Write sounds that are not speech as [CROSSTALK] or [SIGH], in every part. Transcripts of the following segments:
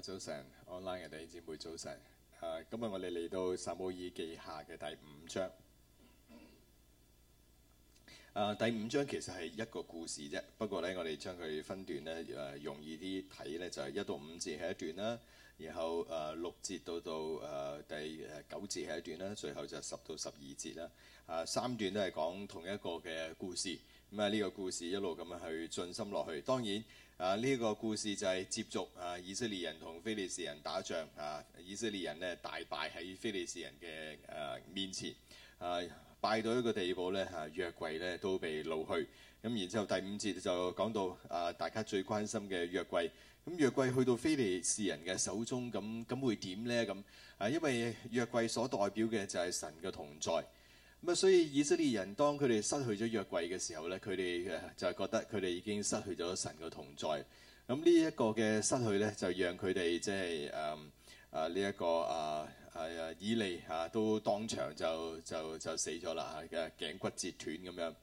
早晨，online 嘅弟兄姊妹早晨。啊，今日我哋嚟到撒母耳記下嘅第五章。啊，第五章其實係一個故事啫。不過咧，我哋將佢分段咧，誒、啊，容易啲睇咧，就係、是、一到五節係一段啦，然後誒、啊、六節到到誒、啊、第九節係一段啦，最後就十到十二節啦。啊，三段都係講同一個嘅故事。咁啊呢個故事一路咁樣去盡心落去。當然啊呢、這個故事就係接續啊以色列人同菲利士人打仗啊，以色列人咧大敗喺菲利士人嘅、誒、啊、面前，誒、啊、敗到一個地步咧嚇、啊、約櫃咧都被攞去。咁、啊、然之後第五節就講到啊大家最關心嘅約櫃。咁、啊、約櫃去到菲利士人嘅手中，咁咁會點呢？咁？啊因為約櫃所代表嘅就係神嘅同在。咁啊，所以以色列人當佢哋失去咗約櫃嘅時候咧，佢哋就係覺得佢哋已經失去咗神嘅同在。咁呢一個嘅失去咧，就讓佢哋即係誒誒呢一個啊誒、啊、以利嚇、啊、都當場就就就死咗啦嚇嘅頸骨折斷咁樣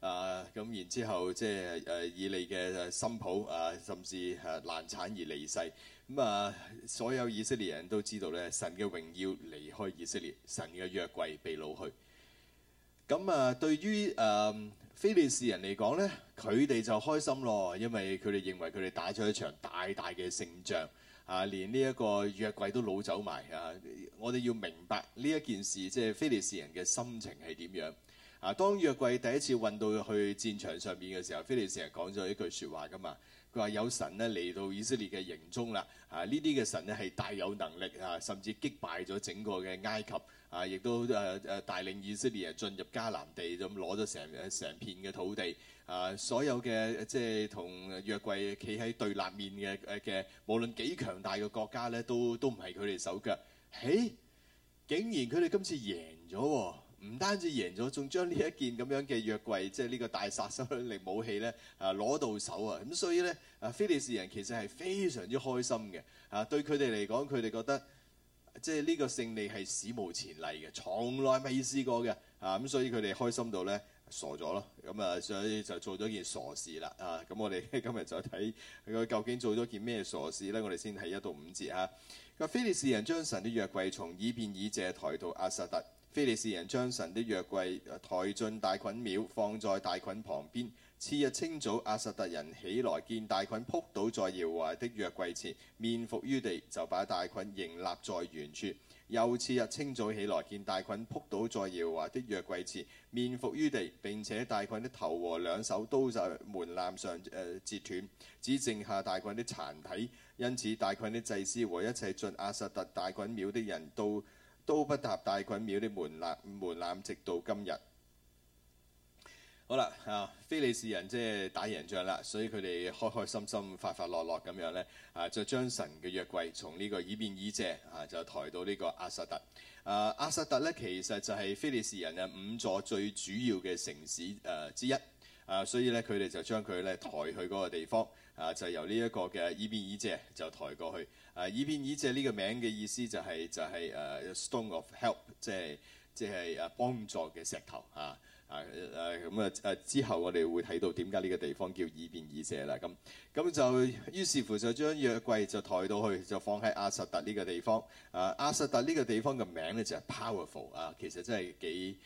啊。咁然之後即係誒、啊、以利嘅心抱啊，甚至係難產而離世。咁、嗯、啊，所有以色列人都知道咧，神嘅榮耀離開以色列，神嘅約櫃被攞去。咁啊、嗯，對於誒非、嗯、利士人嚟講呢，佢哋就開心咯，因為佢哋認為佢哋打咗一場大大嘅勝仗，啊，連呢一個約櫃都攞走埋啊！我哋要明白呢一件事，即係菲利士人嘅心情係點樣啊？當約櫃第一次運到去戰場上面嘅時候，菲利士人講咗一句説話噶嘛，佢話有神咧嚟到以色列嘅營中啦，啊，呢啲嘅神咧係大有能力啊，甚至擊敗咗整個嘅埃及。啊！亦都誒誒、啊啊、帶領以色列進入迦南地，咁攞咗成誒成片嘅土地。啊！所有嘅即係同約櫃企喺對立面嘅嘅、啊，無論幾強大嘅國家咧，都都唔係佢哋手腳。誒、欸！竟然佢哋今次贏咗喎、哦，唔單止贏咗，仲將呢一件咁樣嘅約櫃，即係呢個大殺傷力武器咧，啊，攞到手啊！咁所以咧，啊，非利士人其實係非常之開心嘅。啊，對佢哋嚟講，佢哋覺得。即係呢個勝利係史無前例嘅，從來未試過嘅啊！咁所以佢哋開心到呢傻咗咯，咁、嗯、啊所以就做咗件傻事啦啊！咁、嗯、我哋今日就睇佢究竟做咗件咩傻事呢？我哋先睇一到五節啊。個非利士人將神的約櫃從以便以謝抬到亞實突，非利士人將神的約櫃抬進大袞廟，放在大袞旁邊。次日清早，亞實突人起來見大袞仆倒在耶和華的約櫃前，面伏於地，就把大袞仍立在原處。又次日清早起來見大袞仆倒在耶和華的約櫃前，面伏於地，並且大袞的頭和兩手都在門檻上、呃、截折斷，只剩下大袞的殘體。因此，大袞的祭司和一切進亞實突大袞廟的人都都不踏大袞廟的門檻門檻，直到今日。好啦，啊，非利士人即係打贏仗啦，所以佢哋開開心心、快快樂樂咁樣呢，啊，就將神嘅約櫃從呢個以便以謝啊，就抬到呢個阿薩特。啊，亞薩特，特呢，其實就係非利士人嘅五座最主要嘅城市誒之一。啊，所以呢，佢哋就將佢呢抬去嗰個地方，啊，就由呢一個嘅以便以謝就抬過去。啊，以便以謝呢個名嘅意思就係、是、就係、是、誒、uh, a stone of help，即係即係誒幫助嘅石頭啊。啊誒咁啊誒之後我哋會睇到點解呢個地方叫以便以謝啦咁咁就於是乎就將約櫃就抬到去就放喺阿薩特呢個地方啊阿薩特呢個地方嘅名咧就係 powerful 啊其實真係幾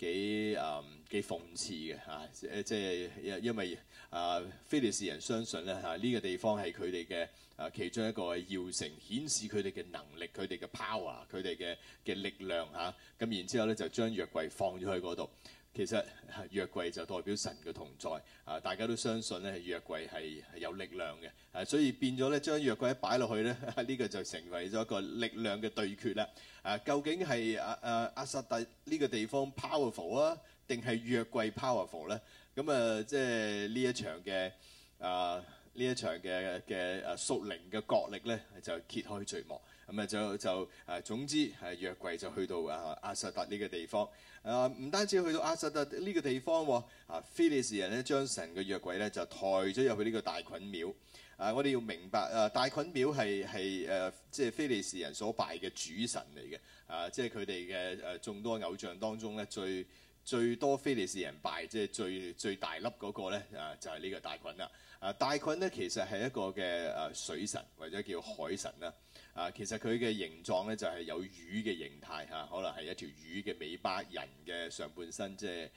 幾誒、嗯、幾諷刺嘅嚇、啊啊、即係因為啊非利士人相信咧嚇呢、啊呢個地方係佢哋嘅啊其中一個要城顯示佢哋嘅能力、佢哋嘅 power、佢哋嘅嘅力量嚇咁、啊啊、然之後咧就將約櫃放咗去嗰度。其實約櫃就代表神嘅同在，啊，大家都相信咧，約櫃係係有力量嘅，啊，所以變咗咧將約櫃擺落去咧，呢個就成為咗一個力量嘅對決啦。啊，究竟係阿阿阿撒大呢個地方 powerful 啊，定係約櫃 powerful 咧？咁啊，即係呢一場嘅啊，呢一場嘅嘅啊，屬靈嘅角力咧，就揭開序幕。咁啊、嗯、就就誒總之誒約、啊、櫃，就去到啊，亞實達呢個地方啊，唔單止去到亞實達呢個地方喎。啊，菲利士人咧將成個約櫃咧就抬咗入去呢個大菌廟。啊，我哋要明白啊，大菌廟係係誒即係菲利士人所拜嘅主神嚟嘅。啊，即係佢哋嘅誒眾多偶像當中咧最最多菲利士人拜，即係、就是、最最大粒嗰個咧，啊就係、是、呢個大菌啦。啊，大菌咧其實係一個嘅誒水神或者叫海神啦。啊，其實佢嘅形狀呢，就係有魚嘅形態嚇，可能係一條魚嘅尾巴，人嘅上半身、就是，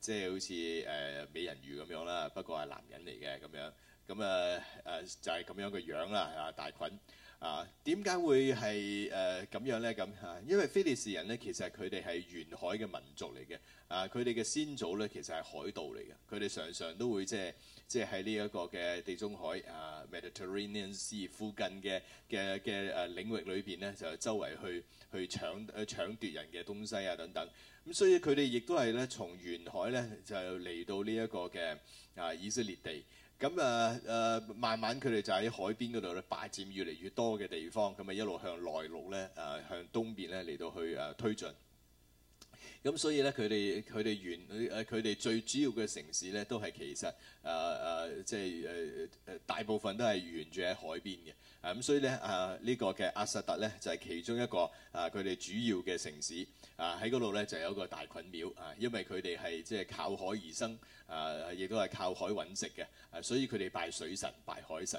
即係即係好似誒美人魚咁樣啦，不過係男人嚟嘅咁樣，咁啊誒就係、是、咁樣嘅樣啦嚇大菌啊，點、呃、解會係誒咁樣呢？咁嚇？因為非利士人呢，其實佢哋係沿海嘅民族嚟嘅，啊、呃，佢哋嘅先祖呢，其實係海盜嚟嘅，佢哋常常都會即係。即係喺呢一個嘅地中海啊，Mediterranean Sea 附近嘅嘅嘅誒領域裏邊咧，就周圍去去搶、啊、搶奪人嘅東西啊等等。咁、嗯、所以佢哋亦都係咧從沿海咧就嚟到呢一個嘅啊以色列地。咁誒誒，慢慢佢哋就喺海邊嗰度咧霸佔越嚟越多嘅地方，咁啊一路向內陸咧啊向東邊咧嚟到去誒、啊、推進。咁所以咧，佢哋佢哋原佢佢哋最主要嘅城市咧，都係其實誒誒、呃呃，即係誒誒，大部分都係沿住喺海邊嘅。咁、啊、所以咧，啊、這個、呢個嘅阿塞特咧，就係、是、其中一個啊，佢哋主要嘅城市啊，喺嗰度咧就有一個大袞廟啊，因為佢哋係即係靠海而生啊，亦都係靠海搵食嘅、啊，所以佢哋拜水神、拜海神。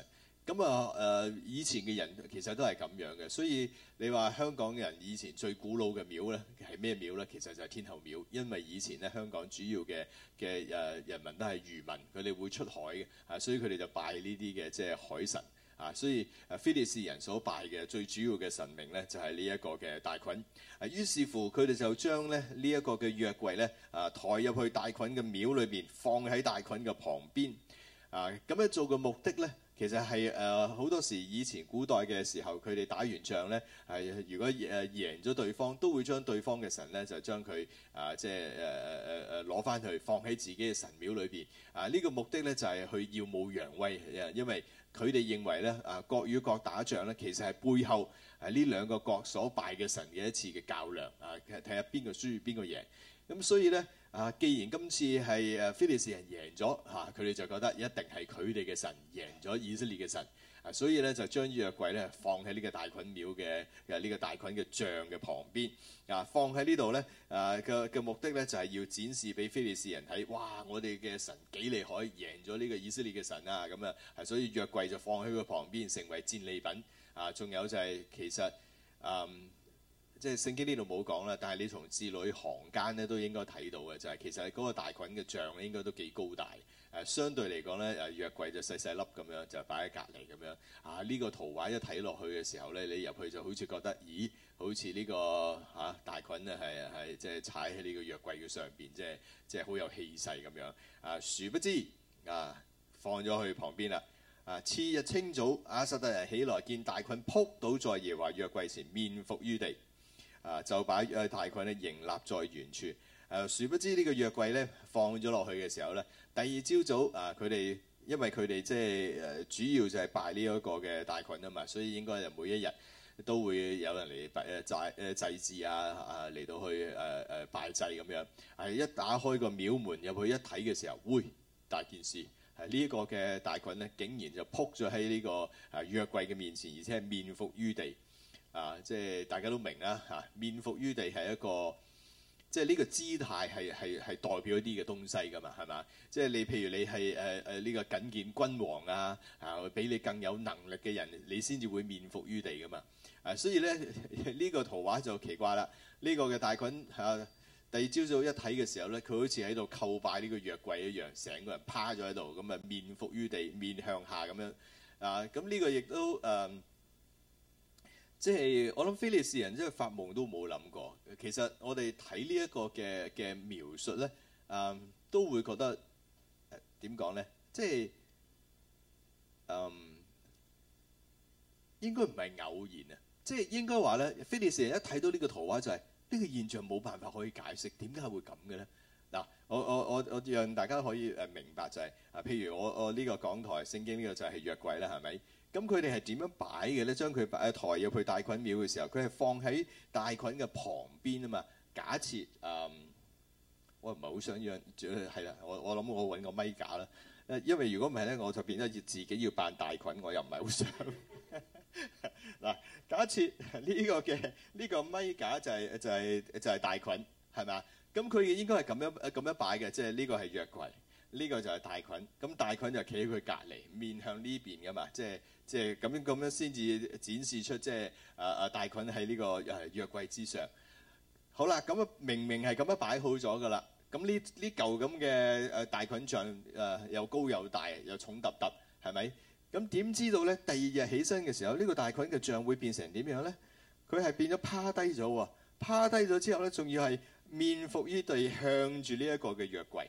咁啊，誒以前嘅人其實都係咁樣嘅，所以你話香港人以前最古老嘅廟呢係咩廟呢？其實就係天后廟，因為以前呢，香港主要嘅嘅誒人民都係漁民，佢哋會出海嘅，啊，所以佢哋就拜呢啲嘅即係海神，啊，所以非利士人所拜嘅最主要嘅神明呢，就係呢一個嘅大袞。啊，於是乎佢哋就將咧呢一個嘅約櫃呢，啊抬入去大袞嘅廟裏邊，放喺大袞嘅旁邊，啊，咁樣做嘅目的呢。其實係誒好多時以前古代嘅時候，佢哋打完仗呢，係、啊、如果誒贏咗對方，都會將對方嘅神呢，就將佢啊即係誒誒誒誒攞翻去放喺自己嘅神廟裏邊。啊呢、這個目的呢，就係去耀武揚威啊，因為佢哋認為呢，啊國與國打仗呢，其實係背後係呢兩個國所拜嘅神嘅一次嘅較量啊，睇下邊個輸邊個贏。咁、啊、所以呢。啊，既然今次係誒非利士人贏咗，嚇佢哋就覺得一定係佢哋嘅神贏咗以色列嘅神，啊，所以咧就將約櫃咧放喺呢個大袞廟嘅嘅呢個大袞嘅像嘅旁邊，啊，放喺呢度咧，誒嘅嘅目的咧就係、是、要展示俾非利士人睇，哇，我哋嘅神幾厲害，贏咗呢個以色列嘅神啊，咁啊，所以約櫃就放喺佢旁邊成為戰利品，啊，仲有就係其實，誒、嗯。即係聖經呢度冇講啦，但係你從字裡行間咧都應該睇到嘅就係、是、其實係嗰個大袞嘅像咧應該都幾高大，誒、啊、相對嚟講咧誒約櫃就細細粒咁樣就擺喺隔籬咁樣啊呢、這個圖畫一睇落去嘅時候咧，你入去就好似覺得咦，好似呢、這個嚇、啊、大袞啊係係即係踩喺呢個約櫃嘅上邊，即係即係好有氣勢咁樣啊，殊不知啊，放咗去旁邊啦，啊，次日清早亞實突人起來，見大袞仆倒在耶華約櫃前面伏於地。啊，就把誒、呃、大袞咧迎立在原處。誒、啊，殊不知呢個約櫃咧放咗落去嘅時候咧，第二朝早啊，佢哋因為佢哋即係誒主要就係拜呢一個嘅大袞啊嘛，所以應該就每一日都會有人嚟拜祭誒祭祀啊啊嚟到去誒誒、啊啊、拜祭咁樣。係、啊、一打開個廟門入去一睇嘅時候，喂，大件事係、啊這個、呢一個嘅大袞咧，竟然就撲咗喺呢個誒、啊、約櫃嘅面前，而且係面伏於地。啊！即係大家都明啦，嚇、啊、面伏於地係一個，即係呢個姿態係係係代表一啲嘅東西噶嘛，係嘛？即係你譬如你係誒誒呢個覲見君王啊，啊比你更有能力嘅人，你先至會面伏於地噶嘛。啊，所以咧呢、這個圖畫就奇怪啦。呢、這個嘅大袞嚇、啊，第二朝早一睇嘅時候咧，佢好似喺度叩拜呢個約櫃一樣，成個人趴咗喺度，咁、嗯、啊面伏於地，面向下咁樣啊。咁、嗯、呢、這個亦都誒。嗯即係我諗，非利士人即係發夢都冇諗過。其實我哋睇呢一個嘅嘅描述咧，嗯，都會覺得點講咧？即係嗯，應該唔係偶然啊！即係應該話咧，非利士人一睇到呢個圖畫就係、是、呢個現象冇辦法可以解釋，點解會咁嘅咧？嗱，我我我我讓大家可以誒明白就係、是、啊，譬如我我呢個講台聖經呢個就係約櫃啦，係咪？咁佢哋係點樣擺嘅咧？將佢擺抬入去大袞廟嘅時候，佢係放喺大袞嘅旁邊啊嘛。假設誒、嗯，我唔係好想讓，係啦，我我諗我揾個咪架啦。因為如果唔係咧，我就變咗要自己要扮大袞，我又唔係好想。嗱，假設呢個嘅呢、這個咪架就係、是、就係、是、就係、是、大袞，係咪？咁佢應該係咁樣咁樣擺嘅，即係呢個係約櫃。呢個就係大袞，咁大袞就企喺佢隔離，面向呢邊噶嘛，即係即係咁樣咁樣先至展示出即係誒誒大袞喺呢個誒約櫃之上。好啦，咁啊明明係咁樣擺好咗噶啦，咁呢呢嚿咁嘅誒大袞像誒又高又大又重揼揼，係咪？咁點知道咧？第二日起身嘅時候，呢個大袞嘅像會變成點樣咧？佢係變咗趴低咗喎，趴低咗之後咧，仲要係面伏於地，向住呢一個嘅約櫃。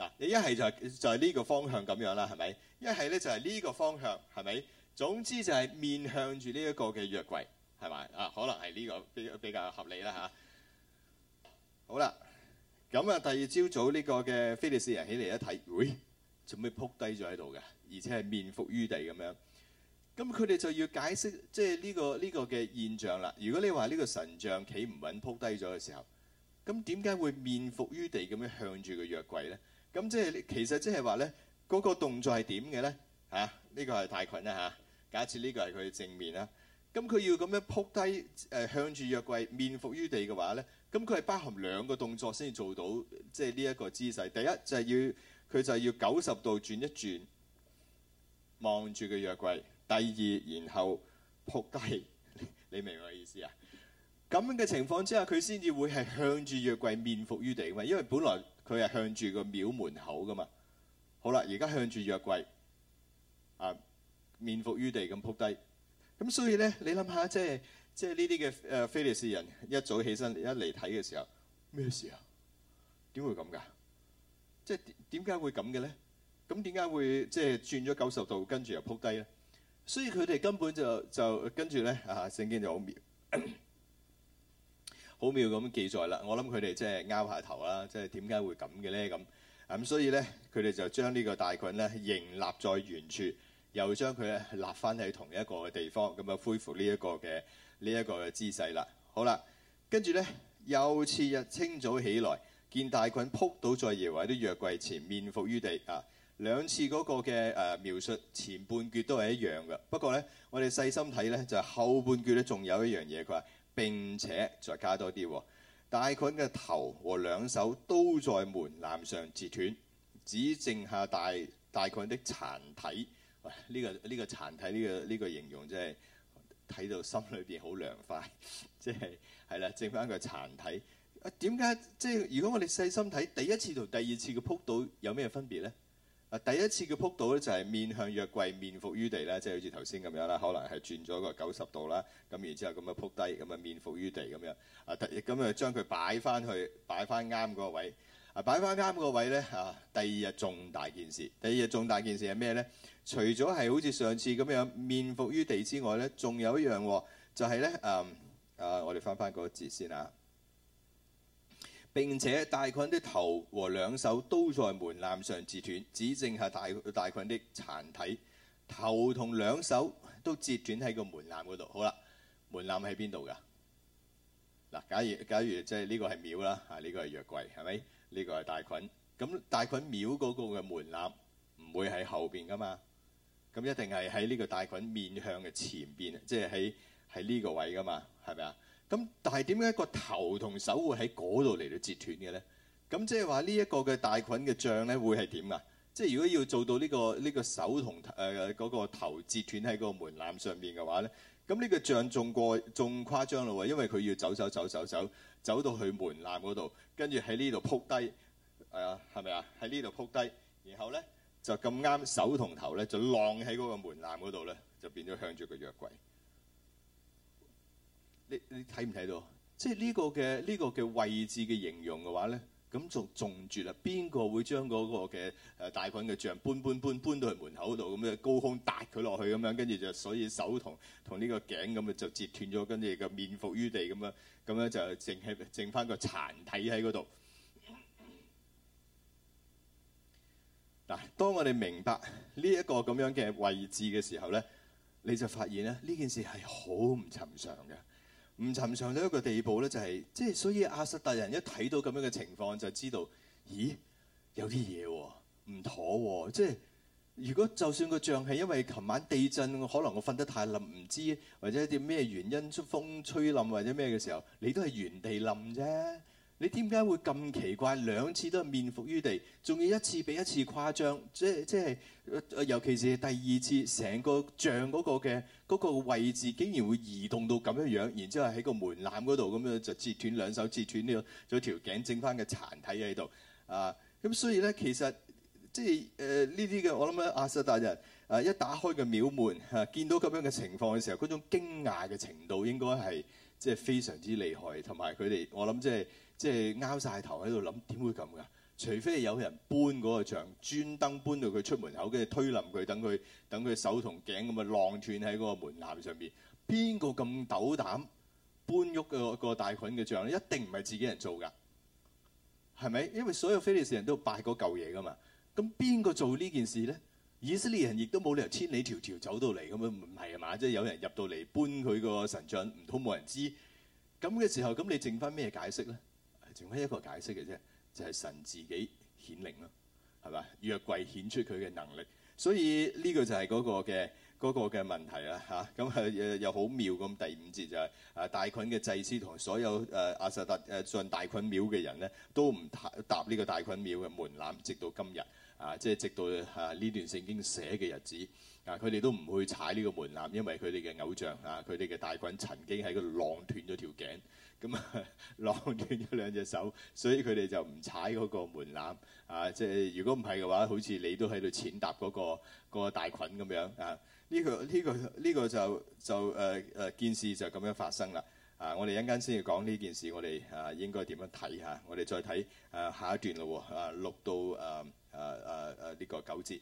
嗱，你一係就係就係呢個方向咁樣啦，係咪？一係咧就係呢個方向，係咪？總之就係面向住呢一個嘅約櫃，係咪？啊，可能係呢個比比較合理啦吓，好啦，咁啊，第二朝早呢個嘅非利士人起嚟一睇，咦，做咩撲低咗喺度嘅？而且係面伏於地咁樣。咁佢哋就要解釋，即係呢個呢個嘅現象啦。如果你話呢個神像企唔穩撲低咗嘅時候，咁點解會面伏於地咁樣向住個約櫃咧？咁即係其實即係話咧，嗰個動作係點嘅咧？嚇，呢個係大袞啦嚇。假設呢個係佢嘅正面啦，咁佢要咁樣撲低誒，向住約櫃面伏於地嘅話咧，咁佢係包含兩個動作先至做到即係呢一個姿勢。第一就係要佢就係要九十度轉一轉，望住個約櫃；第二，然後撲低，你明我嘅意思啊？咁樣嘅情況之下，佢先至會係向住約櫃面伏於地嘅嘛，因為本來。佢係向住個廟門口㗎嘛，好啦，而家向住約櫃，啊，面伏於地咁撲低，咁所以咧，你諗下，即係即係呢啲嘅誒非利士人一早起身一嚟睇嘅時候，咩事啊？點會咁㗎？即係點解會咁嘅咧？咁點解會即係轉咗九十度，跟住又撲低咧？所以佢哋根本就就，跟住咧，啊，聖經就好妙。 [COUGHS] 好妙咁記載啦！我諗佢哋即係拗下頭啦，即係點解會咁嘅呢？咁、嗯、咁所以呢，佢哋就將呢個大袞呢仍立在原處，又將佢呢立翻喺同一個地方，咁啊恢復呢一個嘅呢一個嘅姿勢啦。好啦，跟住呢，又次日清早起來，見大袞仆倒在耶和華的約櫃前，面伏於地啊。兩次嗰個嘅誒、啊、描述前半句都係一樣嘅。不過呢，我哋細心睇呢，就係後半句呢，仲有一樣嘢，佢話。並且再加多啲，大袞嘅頭和兩手都在門檻上截斷，只剩下大大袞的殘體。哇，呢、呢個呢、呢個殘體呢、呢個呢、呢個形容真係睇到心裏邊好涼快。即係係啦，剩翻一個殘體。點解即係如果我哋細心睇第一次同第二次嘅撲倒有咩分別呢？第一次嘅撲到咧，就係面向約櫃，面伏於地啦。即係好似頭先咁樣啦，可能係轉咗個九十度啦，咁然之後咁啊撲低，咁啊面伏於地咁樣啊，第咁啊將佢擺翻去，擺翻啱嗰個位啊，擺翻啱嗰個位咧啊，第二日重大件事，第二日重大件事係咩咧？除咗係好似上次咁樣面伏於地之外咧，仲有一樣喎，就係咧誒啊！我哋翻翻嗰字先啊。並且大袞的頭和兩手都在門檻上截斷，只剩下大大袞的殘體，頭同兩手都截斷喺個門檻嗰度。好啦，門檻喺邊度㗎？嗱，假如假如即係呢個係廟啦，啊呢個係約櫃係咪？呢個係大袞。咁大袞廟嗰個嘅門檻唔會喺後邊㗎嘛？咁一定係喺呢個大袞面向嘅前邊，即係喺喺呢個位㗎嘛？係咪啊？咁，但係點解個頭同手會喺嗰度嚟到截斷嘅咧？咁即係話呢一個嘅大袞嘅像咧，會係點啊？即係如果要做到呢個呢個手同誒嗰個頭截斷喺嗰個門檻上面嘅話咧，咁呢個像仲過仲誇張咯喎，因為佢要走走走走走走到去門檻嗰度，跟住喺呢度撲低，係啊，係咪啊？喺呢度撲低，然後咧就咁啱手同頭咧就晾喺嗰個門檻嗰度咧，就變咗向住個約櫃。你你睇唔睇到？即係呢個嘅呢個嘅位置嘅形容嘅話咧，咁就中住啦。邊個會將嗰個嘅誒大袞嘅像搬搬搬搬到去門口度咁咧？高空搭佢落去咁樣，跟住就所以手同同呢個頸咁啊，就截斷咗，跟住個面伏於地咁樣，咁咧就淨係淨翻個殘體喺嗰度嗱。當我哋明白呢一個咁樣嘅位置嘅時候咧，你就發現咧呢件事係好唔尋常嘅。唔尋常到一個地步咧，就係即係，所以亞實突人一睇到咁樣嘅情況，就知道，咦，有啲嘢喎，唔妥喎、哦，即係如果就算個像係因為琴晚地震，可能我瞓得太冧，唔知或者啲咩原因，出風吹冧或者咩嘅時候，你都係原地冧啫。你點解會咁奇怪？兩次都係面伏於地，仲要一次比一次誇張，即係即係，尤其是第二次成個像嗰個嘅嗰個位置，竟然會移動到咁樣樣，然之後喺個門檻嗰度咁樣就截斷兩手，截斷呢個仲有條頸整翻個殘體喺度啊！咁所以咧，其實即係誒呢啲嘅，我諗咧阿薩達人啊，一打開個廟門，啊、見到咁樣嘅情況嘅時候，嗰種驚訝嘅程度應該係即係非常之厲害，同埋佢哋我諗即係。即係拗晒頭喺度諗點會咁噶？除非係有人搬嗰個像，專登搬到佢出門口，跟住推冧佢，等佢等佢手同頸咁啊，浪斷喺嗰個門檻上邊。邊個咁斗膽搬喐個大菌嘅像，一定唔係自己人做㗎，係咪？因為所有非利士人都拜嗰嚿嘢㗎嘛。咁邊個做呢件事咧？以色列人亦都冇理由千里迢迢走到嚟咁樣，唔係啊嘛。即係有人入到嚟搬佢個神像，唔通冇人知咁嘅時候？咁你剩翻咩解釋咧？淨係一個解釋嘅啫，就係、是、神自己顯靈咯，係嘛？約櫃顯出佢嘅能力，所以呢個就係嗰個嘅嗰嘅問題啦嚇。咁啊，啊又好妙咁，第五節就係、是、啊大袞嘅祭司同所有誒亞實突誒進大袞廟嘅人咧，都唔踏呢個大袞廟嘅門檻，直到今日啊，即係直到啊呢段聖經寫嘅日子啊，佢哋都唔去踩呢個門檻，因為佢哋嘅偶像啊，佢哋嘅大袞曾經喺度浪斷咗條頸。咁啊，攞 [LAUGHS] 斷咗兩隻手，所以佢哋就唔踩嗰個門檻啊！即係如果唔係嘅話，好似你都喺度踐踏嗰、那個那個大袞咁樣啊！呢、這個呢、這個呢、這個就就誒誒、啊啊，件事就咁樣發生啦！啊，我哋一陣間先要講呢件事，我哋啊應該點樣睇下。我哋再睇誒下一段咯喎！啊，六到誒誒誒誒呢個九節。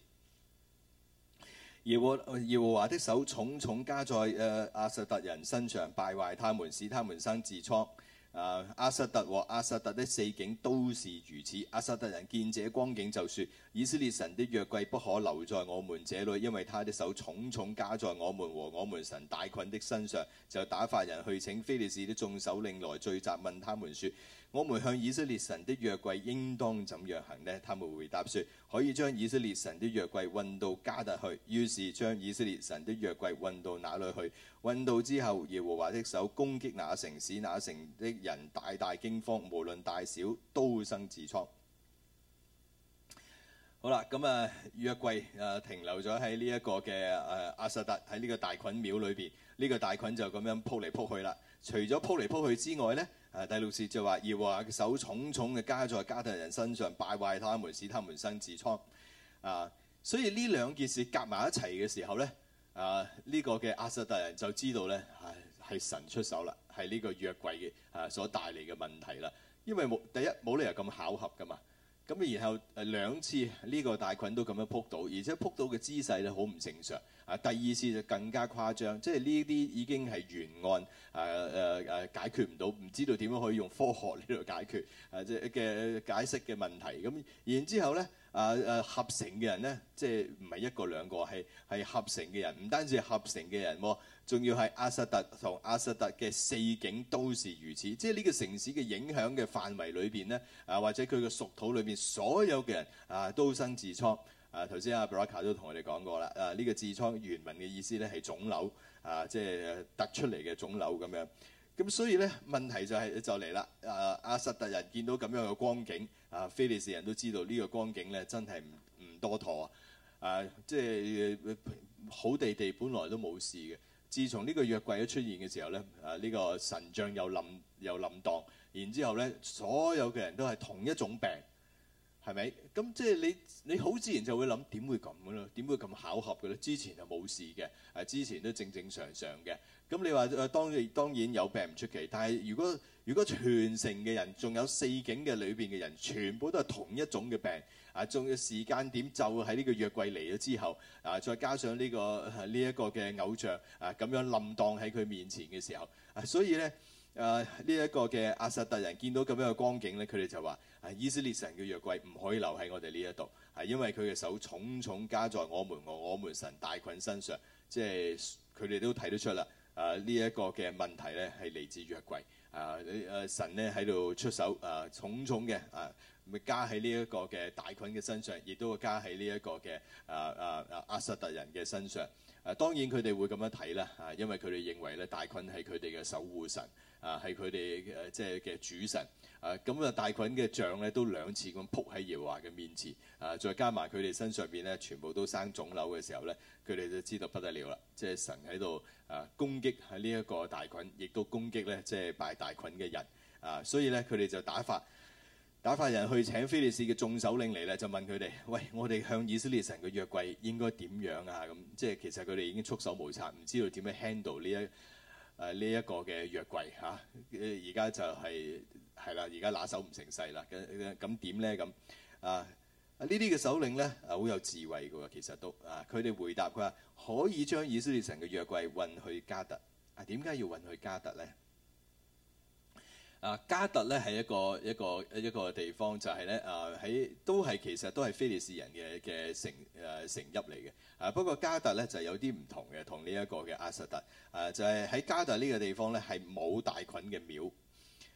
耶和耶和華的手重重加在、呃、阿亞實特人身上，敗壞他們，使他們生痔瘡。呃、阿亞實特和阿實特的四境都是如此。阿實特人見這光景，就説：以色列神的約櫃不可留在我們這裏，因為他的手重重加在我們和我們神大袞的身上。就打發人去請非利士的眾首領來聚集，問他們説。我們向以色列神的約櫃應當怎樣行呢？他們回答說：可以將以色列神的約櫃運到迦特去。於是將以色列神的約櫃運到哪裏去？運到之後，耶和華的手攻擊那城市，那城的人大大驚慌，無論大小都生痔瘡。好啦，咁啊約櫃啊停留咗喺呢一個嘅誒亞實達喺呢個大袞廟裏邊，呢、這個大袞就咁樣撲嚟撲去啦。除咗撲嚟撲去之外呢。第六節就話，要話手重重嘅加在迦特人身上，敗壞他們，使他們生痔瘡。啊，所以呢兩件事夾埋一齊嘅時候咧，啊呢、這個嘅亞實突人就知道咧，係、啊、神出手啦，係呢個約櫃嘅啊所帶嚟嘅問題啦，因為冇第一冇理由咁巧合噶嘛。咁然後誒兩次呢、這個大袞都咁樣仆倒，而且仆倒嘅姿勢咧好唔正常。啊，第二次就更加誇張，即係呢啲已經係原案誒誒誒解決唔到，唔知道點樣可以用科學嚟到解決誒即嘅解釋嘅問題。咁、啊、然之後咧啊誒、啊、合成嘅人咧，即係唔係一個兩個，係係合成嘅人，唔單止係合成嘅人。仲要係阿薩特同阿薩特嘅四境都是如此，即係呢個城市嘅影響嘅範圍裏邊呢，啊或者佢嘅屬土裏邊所有嘅人啊都生痔瘡。啊頭先阿布拉卡都同我哋講過啦，啊呢個痔瘡原文嘅意思呢係腫瘤，啊即係突出嚟嘅腫瘤咁樣。咁所以呢，問題就係就嚟啦，啊阿薩特人見到咁樣嘅光景，啊非利士人都知道呢個光景呢真係唔唔多妥啊，啊即係好地地本來都冇事嘅。自從呢個約櫃一出現嘅時候呢，啊呢、呢個神像又冧又冧蕩，然之後呢，所有嘅人都係同一種病，係咪？咁即係你你好自然就會諗點會咁嘅咯？點會咁巧合嘅咧？之前就冇事嘅，啊之前都正正常常嘅。咁你話誒、啊、當，當然有病唔出奇，但係如果如果全城嘅人仲有四境嘅裏邊嘅人，全部都係同一種嘅病。啊，仲要時間點就喺呢個約櫃嚟咗之後，啊，再加上呢、這個呢一、啊這個嘅偶像啊，咁樣冧蕩喺佢面前嘅時候，啊，所以呢，誒呢一個嘅亞實突人見到咁樣嘅光景呢，佢哋就話：啊，以色列神嘅約櫃唔可以留喺我哋呢一度，係、啊、因為佢嘅手重重加在我們我我們神大袞身上，即係佢哋都睇得出啦。啊，呢、這、一個嘅問題呢係嚟自約櫃。啊，神呢喺度出手啊，重重嘅啊。會加喺呢一個嘅大袞嘅身上，亦都會加喺呢一個嘅啊啊啊亞實突人嘅身上。誒、啊，當然佢哋會咁樣睇啦，啊，因為佢哋認為咧大袞係佢哋嘅守護神，啊係佢哋誒即係嘅主神。誒咁啊，大袞嘅像咧都兩次咁撲喺耶和華嘅面前。誒、啊，再加埋佢哋身上邊咧，全部都生腫瘤嘅時候咧，佢哋就知道不得了啦。即、就、係、是、神喺度啊，攻擊喺呢一個大袞，亦都攻擊咧即係拜大袞嘅人。啊，所以咧佢哋就打發。打發人去請非利士嘅眾首領嚟咧，就問佢哋：喂，我哋向以色列神嘅約櫃應該點樣啊？咁、嗯、即係其實佢哋已經束手無策，唔知道點樣 handle 呢一誒呢一個嘅約櫃嚇。而、啊、家就係係啦，而家拿手唔成勢啦。咁咁點咧？咁啊呢啲嘅首領咧，誒、啊、好有智慧嘅喎，其實都啊，佢哋回答佢話：可以將以色列神嘅約櫃運去加特。啊，點解要運去加特咧？啊，加特咧係一個一個一個地方，就係，就係咧啊，喺都係其實都係非利士人嘅嘅城誒城邑嚟嘅。啊，不過加特咧就有啲唔同嘅，同呢一個嘅阿撒特誒、啊，就係、係、喺加特呢個地方咧係冇大袞嘅廟。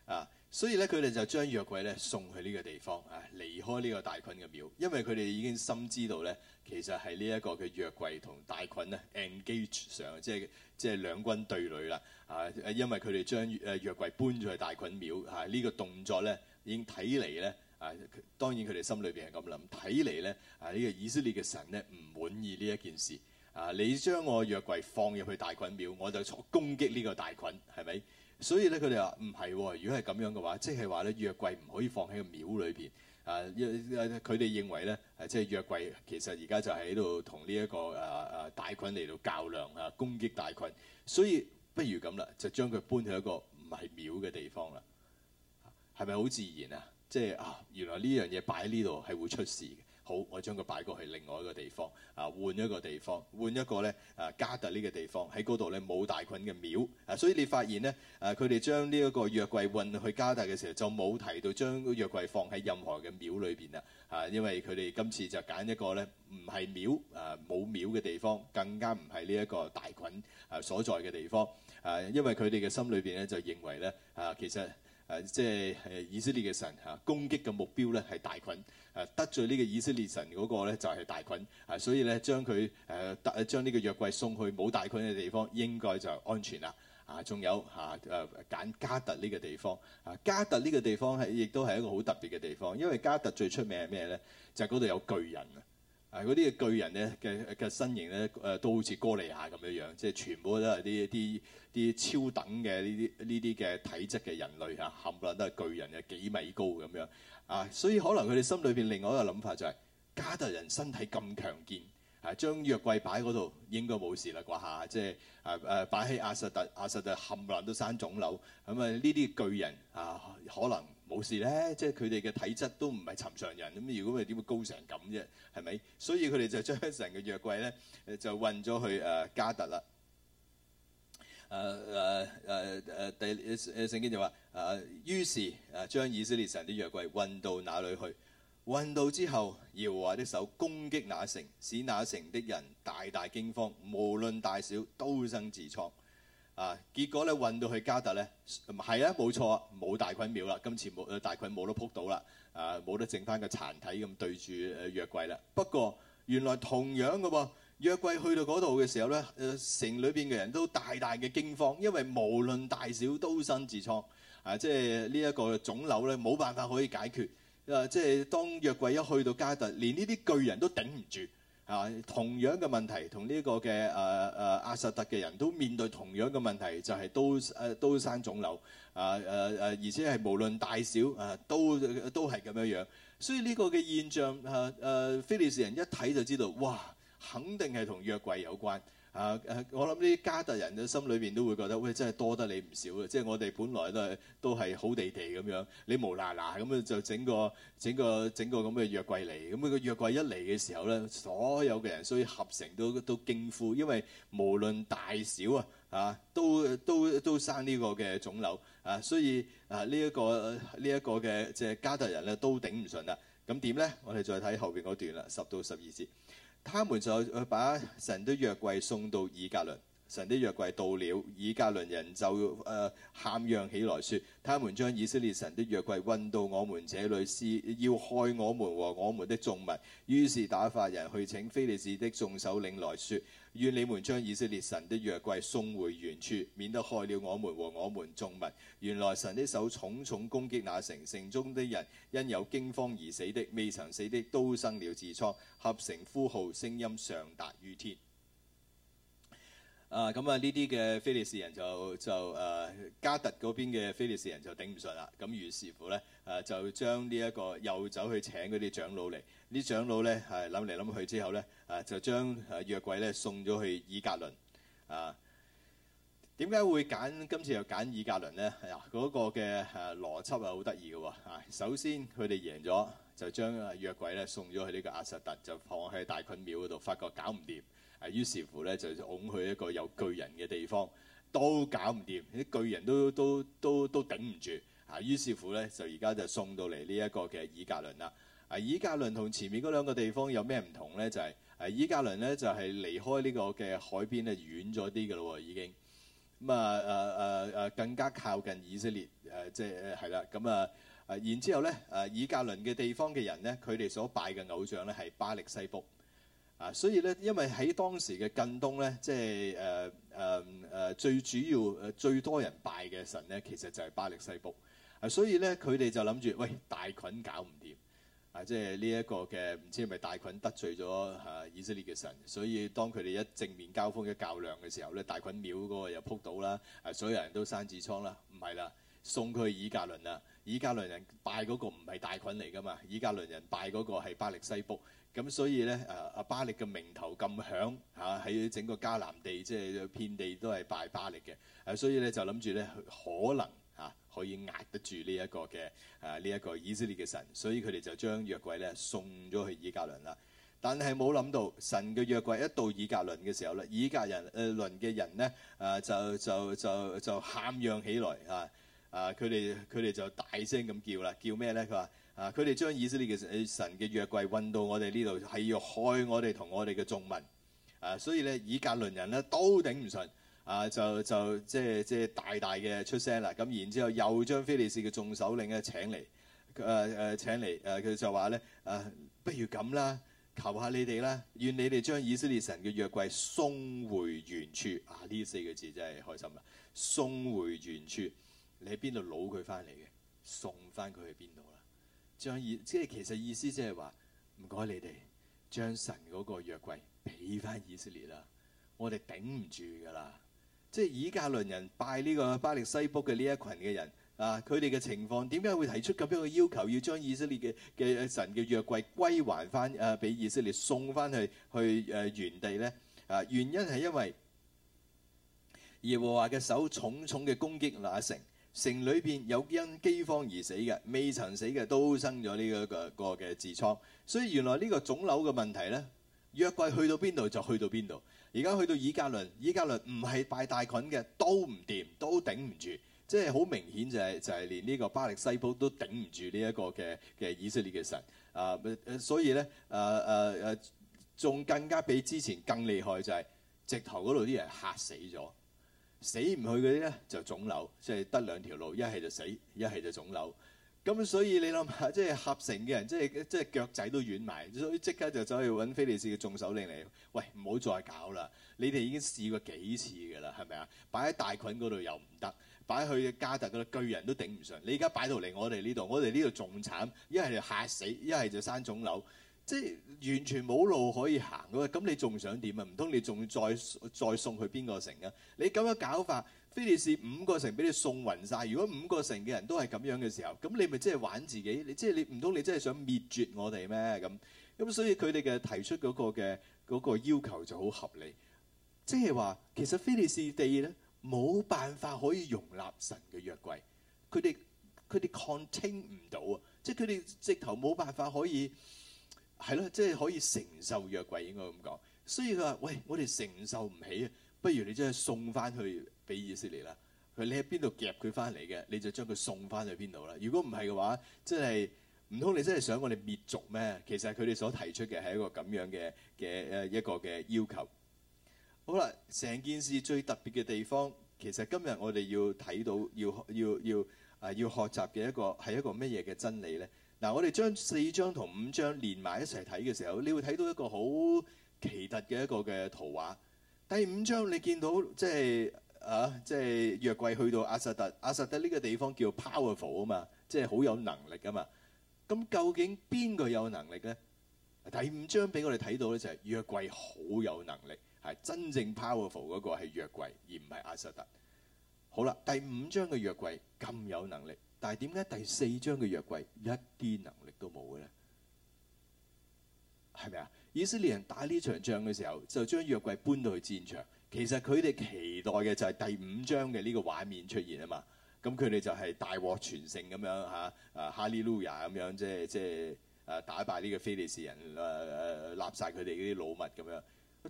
啊，所以咧，佢哋就將約櫃咧送去呢個地方啊，離開呢個大袞嘅廟，因為佢哋已經深知道咧，其實係呢一個嘅約櫃同大袞咧 engage 上，即係即係兩軍對壘啦。啊，因為佢哋將約約櫃搬咗去大袞廟，啊呢、這個動作咧已經睇嚟咧啊，當然佢哋心裏邊係咁諗，睇嚟咧啊呢、這個以色列嘅神咧唔滿意呢一件事啊，你將我約櫃放入去大袞廟，我就攻擊呢個大袞，係咪？所以咧，佢哋話唔係，如果係咁樣嘅話，即係話咧約櫃唔可以放喺個廟裏邊。啊，佢哋、啊、認為咧、啊，即係約櫃其實而家就喺度同呢一個啊啊大袞嚟到較量啊，攻擊大袞。所以不如咁啦，就將佢搬去一個唔係廟嘅地方啦。係咪好自然啊？即係啊，原來呢樣嘢擺喺呢度係會出事嘅。好，我將佢擺過去另外一個地方，啊，換一個地方，換一個咧，啊，迦特呢個地方喺嗰度咧冇大袞嘅廟，啊，所以你發現咧，啊，佢哋將呢一個約櫃運去迦特嘅時候，就冇提到將約櫃放喺任何嘅廟裏邊啦，啊，因為佢哋今次就揀一個咧唔係廟，啊，冇廟嘅地方，更加唔係呢一個大袞啊所在嘅地方，啊，因為佢哋嘅心裏邊咧就認為咧，啊，其實。誒、啊、即係以色列嘅神嚇、啊，攻擊嘅目標咧係大袞。誒、啊、得罪呢個以色列神個咧就係、是、大袞。啊，所以咧將佢誒將呢、啊、個約櫃送去冇大袞嘅地方，應該就安全啦。啊，仲有嚇誒揀加特呢個地方。啊，加特呢個地方係亦都係一個好特別嘅地方，因為加特最出名係咩咧？就係、是、嗰度有巨人。誒，嗰啲巨人咧嘅嘅身形咧誒、啊、都好似哥利亞咁樣樣，即係全部都係啲啲啲超等嘅呢啲呢啲嘅體質嘅人類嚇，冚唪唥都係巨人嘅幾米高咁樣啊，所以可能佢哋心裏邊另外一個諗法就係、是、加特人身體咁強健，誒、啊、將約櫃擺喺嗰度應該冇事啦啩下，即係誒誒擺喺阿薩特，阿薩特冚唪唥都生腫瘤，咁啊呢啲巨人啊可能。冇事咧，即係佢哋嘅體質都唔係尋常人咁。如果佢點會高成咁啫？係咪？所以佢哋就將成個約櫃咧，就運咗去誒迦特啦。誒誒誒誒，第聖經就話誒，於是誒將以色列神啲約櫃運到哪裏去？運到之後，耶和華的手攻擊那城，使那城的人大大驚慌，無論大小，都生痔瘡。啊！結果咧運到去迦特咧，係啊冇錯，冇大袞廟啦，今次冇大袞冇得撲到啦，啊冇得剩返個殘體咁對住誒約櫃啦。不過原來同樣嘅喎，約櫃去到嗰度嘅時候咧，誒、呃、城裏邊嘅人都大大嘅驚慌，因為無論大小都生痔瘡啊，即係呢一個腫瘤咧冇辦法可以解決啊！即係當約櫃一去到迦特，連呢啲巨人都頂唔住。啊，同樣嘅問題，同呢個嘅誒誒亞實突嘅人都面對同樣嘅問題，就係刀誒都生腫瘤，啊誒誒、啊啊啊啊啊，而且係無論大小啊，都啊都係咁樣樣。所以呢個嘅現象，誒、啊、誒，非、啊、利士人一睇就知道，哇，肯定係同約櫃有關。啊！誒，我諗呢啲迦特人嘅心裏邊都會覺得，喂，真係多得你唔少嘅。即係我哋本來都係都係好地地咁樣，你無啦啦咁樣就整個整個整個咁嘅約櫃嚟。咁個約櫃一嚟嘅時候咧，所有嘅人所以合成都都驚呼，因為無論大小啊，啊，都都都生呢個嘅腫瘤啊，所以啊，呢一個呢一個嘅即係迦特人咧都頂唔順啦。咁點咧？我哋再睇後邊嗰段啦，十到十二節。他們就把神的約櫃送到以革倫。神的約櫃到了，以革倫人就誒、呃、喊嚷起來，說：他們將以色列神的約櫃運到我們這裏，是要害我們和我們的眾民。於是打發人去請非利士的眾首領來説。願你們將以色列神的約櫃送回原處，免得害了我們和我們眾民。原來神的手重重攻擊那城，城中的人因有驚慌而死的，未曾死的都生了痔瘡，合城呼號，聲音上達於天。啊，咁啊呢啲嘅非利士人就就誒、啊、加特嗰邊嘅非利士人就頂唔順啦，咁於是乎呢，誒、啊、就將呢一個又走去請嗰啲長老嚟，啲長老呢，係諗嚟諗去之後呢，誒、啊、就將約櫃呢送咗去以革倫啊，點解會揀今次又揀以革倫呢？嗱、啊、嗰、那個嘅誒、啊、邏輯係好得意嘅喎啊，首先佢哋贏咗就將約櫃呢送咗去呢個亞實突，就放喺大袞廟嗰度，發覺搞唔掂。啊，於是乎咧就拱去一個有巨人嘅地方，都搞唔掂啲巨人都都都都頂唔住啊！於是乎咧就而家就送到嚟呢一個嘅以格倫啦。啊，以格倫同前面嗰兩個地方有咩唔同咧？就係、是、啊，以格倫咧就係、是、離開呢個嘅海邊咧遠咗啲嘅咯，已經咁啊啊啊啊更加靠近以色列誒，即係係啦咁啊、就是、啊，啊！然之後咧啊，以格倫嘅地方嘅人咧，佢哋所拜嘅偶像咧係巴力西卜。啊，所以咧，因為喺當時嘅近東咧，即係誒誒誒，最主要誒、啊、最多人拜嘅神咧，其實就係巴力西卜。啊，所以咧，佢哋就諗住，喂，大袞搞唔掂啊！即係呢一個嘅，唔知係咪大袞得罪咗啊以色列嘅神？所以當佢哋一正面交鋒嘅較量嘅時候咧，大袞廟嗰個又撲到啦，啊，所有人都生痔瘡啦，唔、啊、係啦，送佢去以革倫啦。以革倫人拜嗰個唔係大袞嚟㗎嘛，以革倫人拜嗰個係巴力西卜。咁所以咧，誒阿巴力嘅名頭咁響嚇，喺、啊、整個迦南地，即係遍地都係拜巴力嘅。誒、啊，所以咧就諗住咧可能嚇、啊、可以壓得住呢一個嘅誒呢一個以色列嘅神，所以佢哋就將約櫃咧送咗去以革倫啦。但係冇諗到神嘅約櫃一到以革倫嘅時候咧，以革人誒倫嘅人咧誒、啊、就就就就，就喊嚷起來嚇，誒佢哋佢哋就大聲咁叫啦，叫咩咧？佢話。啊！佢哋將以色列嘅神嘅約櫃運到我哋呢度，係要害我哋同我哋嘅眾民。啊！所以咧，以革倫人呢都頂唔順。啊！就就即係即係大大嘅出聲啦。咁然之後又將非利士嘅眾首領咧請嚟，誒、呃、誒、呃、請嚟，誒、啊、佢就話咧誒，不如咁啦，求下你哋啦，願你哋將以色列神嘅約櫃送回原處。啊！呢四個字真係開心啦！送回原處，你喺邊度攞佢翻嚟嘅？送翻佢去邊度？將意即係其實意思即係話唔該你哋將神嗰個約櫃俾翻以色列啦，我哋頂唔住噶啦。即係以加倫人拜呢個巴力西卜嘅呢一群嘅人啊，佢哋嘅情況點解會提出咁樣嘅要求，要將以色列嘅嘅神嘅約櫃歸還翻誒俾以色列送翻去去誒、啊、原地咧？啊，原因係因為耶和華嘅手重重嘅攻擊那城。啊城裏邊有因饑荒而死嘅，未曾死嘅都生咗呢、這個、個個嘅痔瘡，所以原來呢個腫瘤嘅問題呢，約櫃去到邊度就去到邊度。而家去到以革倫，以革倫唔係拜大袞嘅，都唔掂，都頂唔住，即係好明顯就係、是、就係、是、連呢個巴力西卜都頂唔住呢一個嘅嘅以色列嘅神啊、呃！所以呢，誒誒誒，仲、呃、更加比之前更厲害就係、是、直頭嗰度啲人嚇死咗。死唔去嗰啲咧就腫瘤，即係得兩條路，一係就死，一係就腫瘤。咁所以你諗下，即係合成嘅人，即係即係腳仔都軟埋，所以即刻就走去搵非利士嘅眾首領嚟。喂，唔好再搞啦！你哋已經試過幾次㗎啦，係咪啊？擺喺大菌嗰度又唔得，擺去迦特嗰度巨人都頂唔上。你而家擺到嚟我哋呢度，我哋呢度仲慘，一係就嚇死，一係就生腫瘤。即係完全冇路可以行嘅，咁你仲想點啊？唔通你仲要再再送去邊個城啊？你咁樣搞法，菲利士五個城俾你送暈晒。如果五個城嘅人都係咁樣嘅時候，咁你咪即係玩自己？你即係你唔通你真係想滅絕我哋咩？咁咁，所以佢哋嘅提出嗰個嘅嗰個要求就好合理，即係話其實菲利士地咧冇辦法可以容納神嘅約櫃，佢哋佢哋 contain 唔到啊！即係佢哋直頭冇辦法可以。係咯，即係可以承受約櫃，應該咁講。所以佢話：喂，我哋承受唔起，啊，不如你將佢送翻去俾以色列啦。佢你喺邊度夾佢翻嚟嘅，你就將佢送翻去邊度啦。如果唔係嘅話，真係唔通你真係想我哋滅族咩？其實佢哋所提出嘅係一個咁樣嘅嘅誒一個嘅要求。好啦，成件事最特別嘅地方，其實今日我哋要睇到，要要要啊要學習嘅一個係一個咩嘢嘅真理咧？嗱、啊，我哋將四章同五章連埋一齊睇嘅時候，你會睇到一個好奇特嘅一個嘅圖畫。第五章你見到即係啊，即係約櫃去到亞薩特，亞薩特呢個地方叫 powerful 啊嘛，即係好有能力啊嘛。咁究竟邊個有能力咧？第五章俾我哋睇到咧，就係約櫃好有能力，係真正 powerful 嗰個係約櫃，而唔係亞薩特。好啦，第五章嘅約櫃咁有能力。但係點解第四章嘅約櫃一啲能力都冇嘅咧？係咪啊？以色列人打呢場仗嘅時候，就將約櫃搬到去戰場。其實佢哋期待嘅就係第五章嘅呢個畫面出現啊嘛。咁佢哋就係大獲全勝咁樣嚇，啊哈利路亞咁樣，即係即係誒打敗呢個非利士人，誒、啊、誒立晒佢哋嗰啲老物咁樣。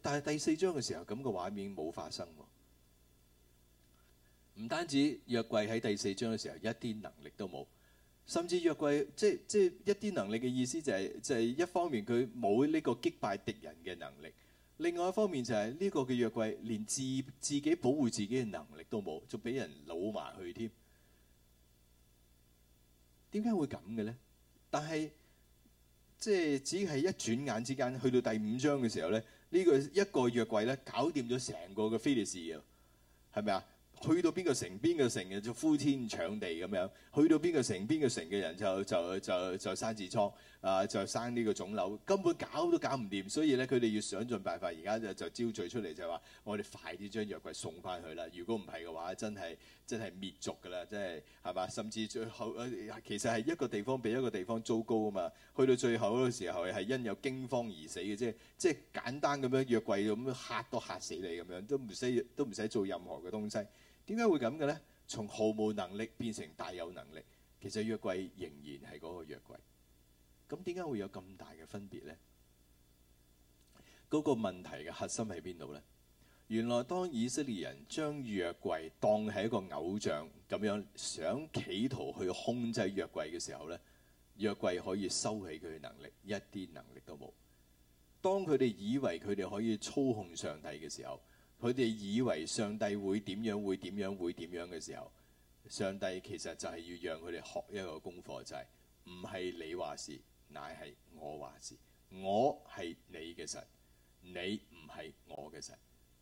但係第四章嘅時候，咁個畫面冇發生喎。唔單止約櫃喺第四章嘅時候一啲能力都冇，甚至約櫃即係即係一啲能力嘅意思就係就係一方面佢冇呢個擊敗敵人嘅能力，另外一方面就係呢個嘅約櫃連自自己保護自己嘅能力都冇，仲俾人攞埋去添。點解會咁嘅咧？但係即係只係一轉眼之間，去到第五章嘅時候咧，呢個一個約櫃咧搞掂咗成個嘅非利士人，係咪啊？去到邊個城，邊個城嘅就呼天搶地咁樣；去到邊個城，邊個城嘅人就就就就生痔瘡，啊就生呢個腫瘤，根本搞都搞唔掂。所以咧，佢哋要想盡辦法。而家就就招聚出嚟就係話：我哋快啲將約櫃送翻去啦！如果唔係嘅話，真係真係滅族噶啦，真係係嘛？甚至最後，其實係一個地方比一個地方糟糕啊嘛。去到最後嗰個時候，係因有驚慌而死嘅，即係即係簡單咁樣約櫃咁樣嚇都嚇死你咁樣，都唔使都唔使做任何嘅東西。點解會咁嘅呢？從毫無能力變成大有能力，其實約櫃仍然係嗰個約櫃。咁點解會有咁大嘅分別呢？嗰個問題嘅核心喺邊度呢？原來當以色列人將約櫃當係一個偶像咁樣，想企圖去控制約櫃嘅時候呢，約櫃可以收起佢嘅能力，一啲能力都冇。當佢哋以為佢哋可以操控上帝嘅時候，佢哋以為上帝會點樣，會點樣，會點樣嘅時候，上帝其實就係要讓佢哋學一個功課，就係唔係你話事，乃係我話事。我係你嘅神，你唔係我嘅神。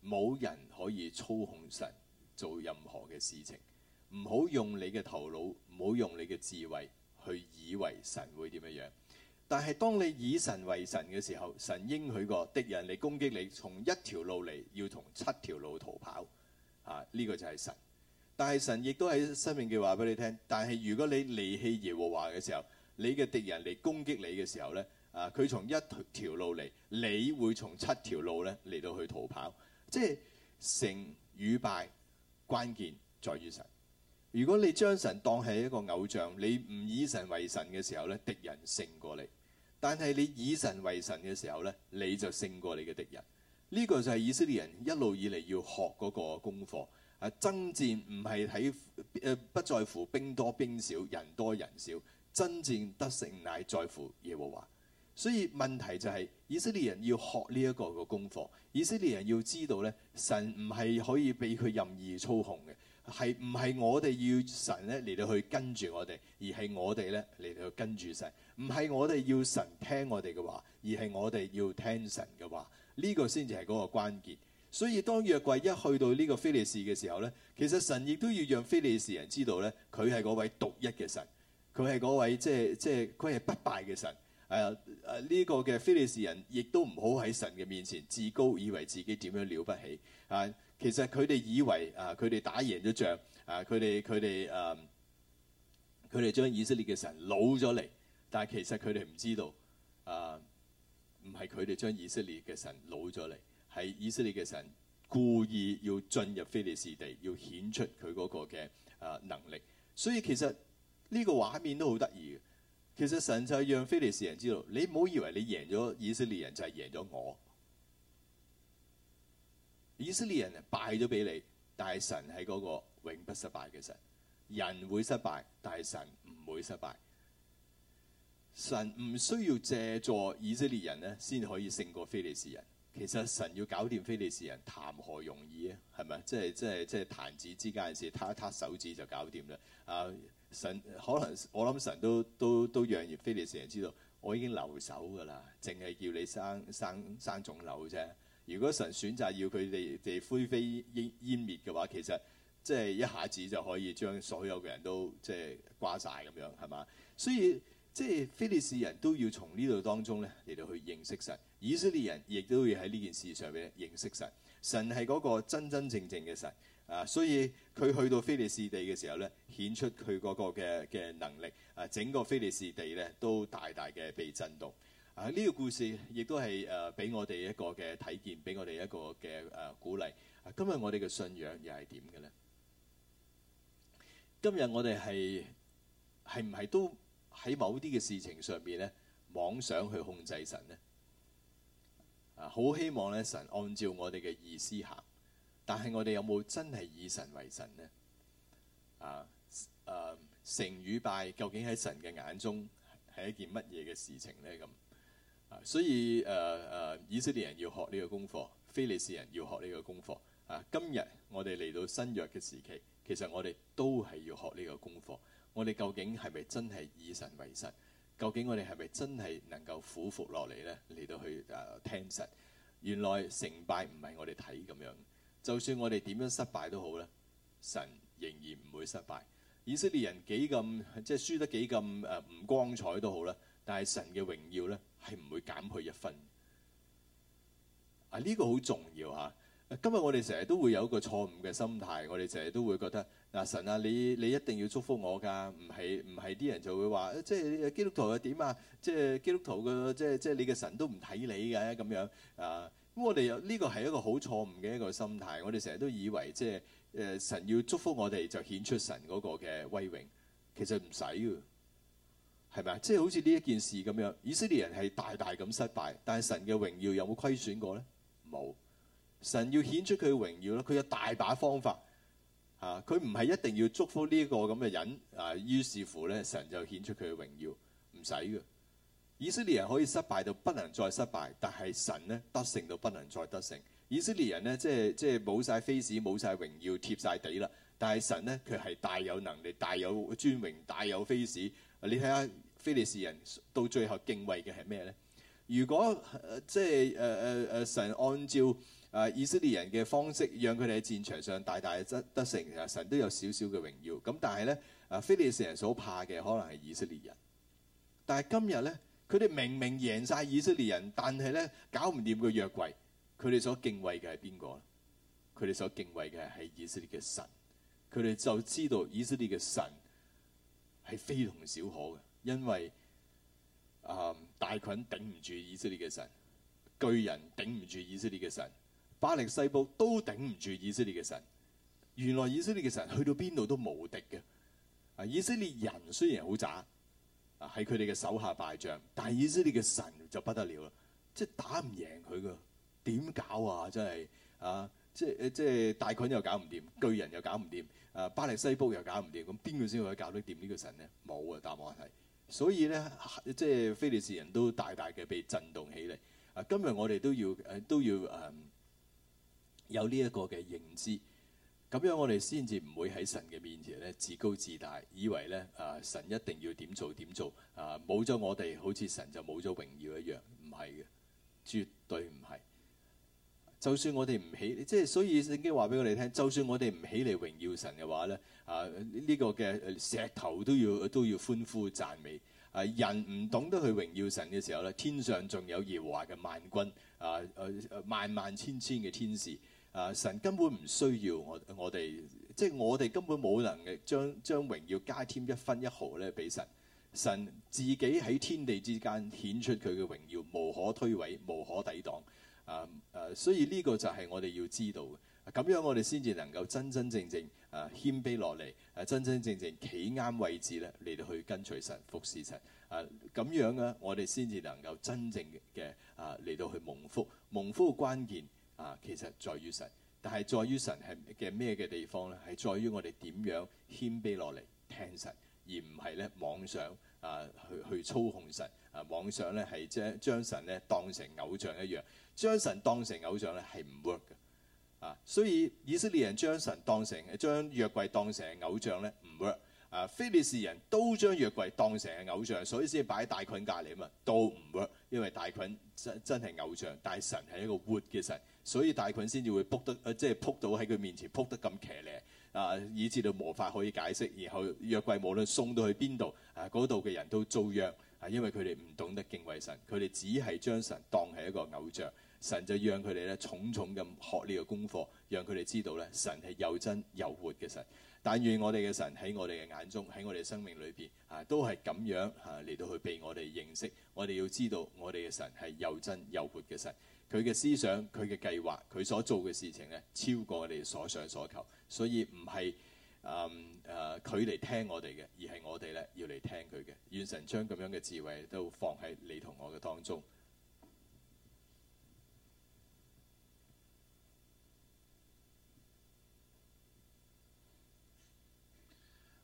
冇人可以操控神做任何嘅事情。唔好用你嘅頭腦，唔好用你嘅智慧去以為神會點樣。但係當你以神為神嘅時候，神應許過敵人嚟攻擊你，從一條路嚟，要同七條路逃跑。啊，呢個就係神。但係神亦都喺生命嘅話俾你聽。但係如果你離棄耶和華嘅時候，你嘅敵人嚟攻擊你嘅時候呢，啊，佢從一條路嚟，你會從七條路咧嚟到去逃跑。即係勝與敗，關鍵在於神。如果你將神當係一個偶像，你唔以神為神嘅時候呢，敵人勝過你。但係你以神為神嘅時候呢，你就勝過你嘅敵人。呢、這個就係以色列人一路以嚟要學嗰個功課。啊，爭戰唔係睇誒，不在乎兵多兵少，人多人少，爭戰得勝乃在乎耶和華。所以問題就係、是、以色列人要學呢一個嘅功課。以色列人要知道呢，神唔係可以俾佢任意操控嘅。係唔係我哋要神咧嚟到去跟住我哋，而係我哋咧嚟到去跟住神？唔係我哋要神聽我哋嘅話，而係我哋要聽神嘅話。呢個先至係嗰個關鍵。所以當約櫃一去到呢個非利士嘅時候咧，其實神亦都要讓非利士人知道咧，佢係嗰位獨一嘅神，佢係嗰位即係即係佢係不敗嘅神。係啊，呢個嘅非利士人亦都唔好喺神嘅面前自高，以為自己點樣了不起啊！其實佢哋以為啊，佢哋打贏咗仗，啊，佢哋佢哋誒，佢哋、啊、將以色列嘅神老咗嚟，但係其實佢哋唔知道啊，唔係佢哋將以色列嘅神老咗嚟，係以色列嘅神故意要進入非利士地，要顯出佢嗰個嘅啊能力。所以其實呢個畫面都好得意嘅。其實神就係讓非利士人知道，你唔好以為你贏咗以色列人就係贏咗我。以色列人啊敗咗俾你，但係神係嗰個永不失敗嘅神，人會失敗，但係神唔會失敗。神唔需要借助以色列人咧，先可以勝過非利士人。其實神要搞掂非利士人，談何容易啊？係咪？即係即係即係彈指之間嘅事，撻一撻手指就搞掂啦。啊，神可能我諗神都都都都讓住非利士人知道，我已經留守㗎啦，淨係叫你生生生腫瘤啫。如果神選擇要佢哋哋灰飛煙煙滅嘅話，其實即係一下子就可以將所有嘅人都即係瓜晒咁樣，係嘛？所以即係、就是、非利士人都要從呢度當中咧嚟到去認識神，以色列人亦都要喺呢件事上面認識神。神係嗰個真真正正嘅神啊！所以佢去到非利士地嘅時候咧，顯出佢嗰個嘅嘅能力啊，整個非利士地咧都大大嘅被震動。啊！呢、這個故事亦都係誒，俾、啊、我哋一個嘅體驗，俾我哋一個嘅誒、啊、鼓勵。今日我哋嘅信仰又係點嘅呢？今日我哋係係唔係都喺某啲嘅事情上邊咧，妄想去控制神呢？啊，好希望咧，神按照我哋嘅意思行。但係我哋有冇真係以神為神呢？啊誒，成、啊、與敗究竟喺神嘅眼中係一件乜嘢嘅事情呢？咁、啊？所以誒誒、啊啊，以色列人要學呢個功課，非利士人要學呢個功課。啊，今日我哋嚟到新約嘅時期，其實我哋都係要學呢個功課。我哋究竟係咪真係以神為神？究竟我哋係咪真係能夠俯伏落嚟呢？嚟到去誒、啊、聽實，原來成敗唔係我哋睇咁樣。就算我哋點樣失敗都好咧，神仍然唔會失敗。以色列人幾咁即係輸得幾咁誒唔光彩都好咧，係神嘅榮耀咧，係唔會減去一分。啊，呢個好重要吓、啊！今日我哋成日都會有一個錯誤嘅心態，我哋成日都會覺得啊，神啊，你你一定要祝福我噶，唔係唔係啲人就會話，即、啊、係基督徒又點啊？即係基督徒嘅，即係即係你嘅神都唔睇你嘅咁樣啊？咁我哋呢個係一個好錯誤嘅一個心態，我哋成日都以為即係誒神要祝福我哋就顯出神嗰個嘅威榮，其實唔使。係咪啊？即係好似呢一件事咁樣，以色列人係大大咁失敗，但係神嘅榮耀有冇虧損過咧？冇。神要顯出佢嘅榮耀咯，佢有大把方法嚇。佢唔係一定要祝福呢個咁嘅人啊。於是乎咧，神就顯出佢嘅榮耀，唔使嘅。以色列人可以失敗到不能再失敗，但係神咧得勝到不能再得勝。以色列人呢，即係即係冇曬飛士，冇晒榮耀，貼晒地啦。但係神呢，佢係大有能力，大有尊榮，大有飛士。你睇下非利士人到最後敬畏嘅係咩咧？如果即係誒誒誒神按照啊以色列人嘅方式，讓佢哋喺戰場上大大嘅得得成，其實神都有少少嘅榮耀。咁但係咧，啊非利士人所怕嘅可能係以色列人。但係今日咧，佢哋明明贏曬以色列人，但係咧搞唔掂個約櫃，佢哋所敬畏嘅係邊個咧？佢哋所敬畏嘅係以色列嘅神。佢哋就知道以色列嘅神。係非同小可嘅，因為啊、嗯、大袞頂唔住以色列嘅神，巨人頂唔住以色列嘅神，巴力西卜都頂唔住以色列嘅神。原來以色列嘅神去到邊度都無敵嘅。啊，以色列人雖然好渣，喺佢哋嘅手下敗將，但係以色列嘅神就不得了啦，即係打唔贏佢嘅，點搞啊？真係啊，即係即係大袞又搞唔掂，巨人又搞唔掂。誒巴力西卜又搞唔掂，咁邊個先可以搞得掂呢個神呢？冇啊，答案係。所以咧，即係非利士人都大大嘅被震動起嚟。啊，今日我哋都要誒，都要誒、嗯、有呢一個嘅認知。咁樣我哋先至唔會喺神嘅面前咧，自高自大，以為咧，啊神一定要點做點做啊，冇咗我哋，好似神就冇咗榮耀一樣，唔係嘅，絕對唔係。就算我哋唔起，即係所以聖經話俾我哋聽，就算我哋唔起嚟榮耀神嘅話咧，啊呢、這個嘅石頭都要都要歡呼讚美。啊人唔懂得去榮耀神嘅時候咧，天上仲有耶和華嘅萬軍啊，誒、啊、誒萬萬千千嘅天使啊，神根本唔需要我我哋，即係我哋根本冇能力將將榮耀加添一分一毫咧俾神。神自己喺天地之間顯出佢嘅榮耀，無可推諉，無可抵擋。啊！誒，所以呢個就係我哋要知道嘅咁樣，我哋先至能夠真真正正誒、啊、謙卑落嚟，誒真真正正企啱位置咧嚟到去跟隨神服侍神。誒、啊、咁樣呢、啊，我哋先至能夠真正嘅誒嚟到去蒙福。蒙福嘅關鍵啊，其實在於神，但係在於神係嘅咩嘅地方咧？係在於我哋點樣謙卑落嚟聽神，而唔係咧妄想啊去去操控神啊妄想咧係將將神咧當成偶像一樣。將神當成偶像咧係唔 work 嘅，啊，所以以色列人將神當成、將約櫃當成偶像咧唔 work，啊，非利士人都將約櫃當成係偶像，所以先擺喺大袞隔籬啊嘛，都唔 work，因為大袞真真係偶像，但神係一個活嘅神，所以大袞先至會仆得，啊、即係仆到喺佢面前仆得咁騎呢，啊，以至到無法可以解釋，然後約櫃無論送到去邊度，啊，嗰度嘅人都遭殃，啊，因為佢哋唔懂得敬畏神，佢哋只係將神當係一個偶像。神就讓佢哋咧重重咁學呢個功課，讓佢哋知道咧神係又真又活嘅神。但願我哋嘅神喺我哋嘅眼中，喺我哋生命裏邊啊，都係咁樣啊嚟到去俾我哋認識。我哋要知道我哋嘅神係又真又活嘅神。佢嘅思想、佢嘅計劃、佢所做嘅事情咧，超過我哋所想所求。所以唔係、嗯、啊啊佢嚟聽我哋嘅，而係我哋咧要嚟聽佢嘅。願神將咁樣嘅智慧都放喺你同我嘅當中。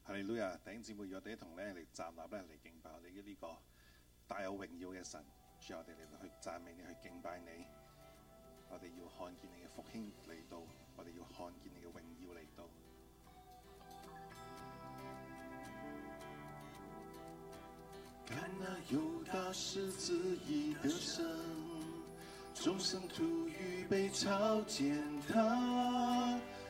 哈利路亞，弟兄姊妹，我哋一同咧嚟站立咧嚟敬拜我哋嘅呢個大有榮耀嘅神，讓我哋嚟去讚美你，去敬拜你。我哋要看見你嘅復興嚟到，我哋要看見你嘅榮耀嚟到。看那猶大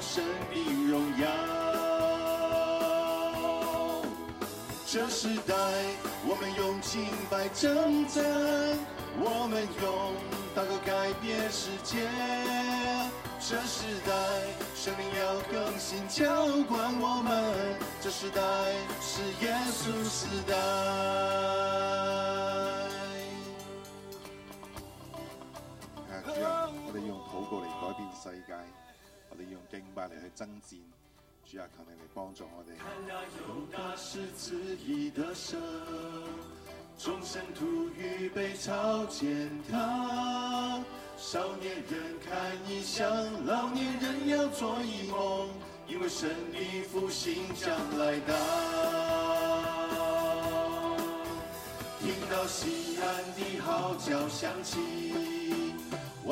耀，yup。這時代，我們用敬拜爭戰，我們用禱告改變世界。這時代，神靈要更新澆灌我們。這時代是耶穌時代。我哋用禱告嚟改變世界。啊啊我哋用敬拜嚟去爭戰，主啊，求你嚟幫助我哋。看大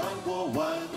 有大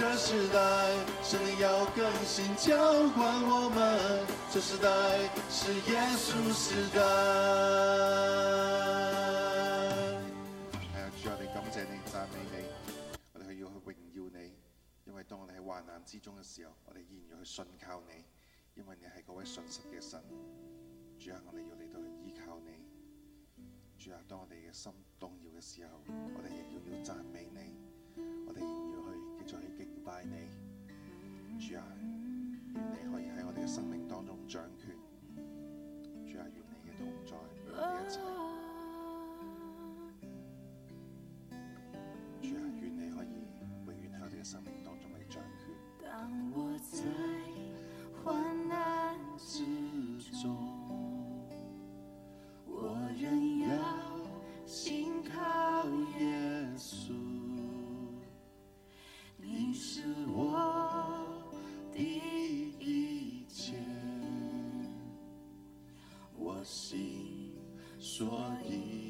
[MUSIC] 這時代神要更新交換我們，這時代是耶穌時代。主啊，主啊我哋感謝你，讚美你，我哋要去榮耀你，因為當我哋喺患難之中嘅時候，我哋依然要去信靠你，因為你係嗰位信實嘅神。主啊，我哋要嚟到去依靠你。主啊，當我哋嘅心動搖嘅時候，我哋仍然要讚美你，我哋。愛你，主啊，願你可以喺我哋嘅生命當中掌權，主啊，願你嘅同在同我哋一齊。啊主啊，願你可以永遠喺我哋嘅生命當中嚟掌權。當我在患難之中，我仍要信靠耶穌。是我的一切，我心所以。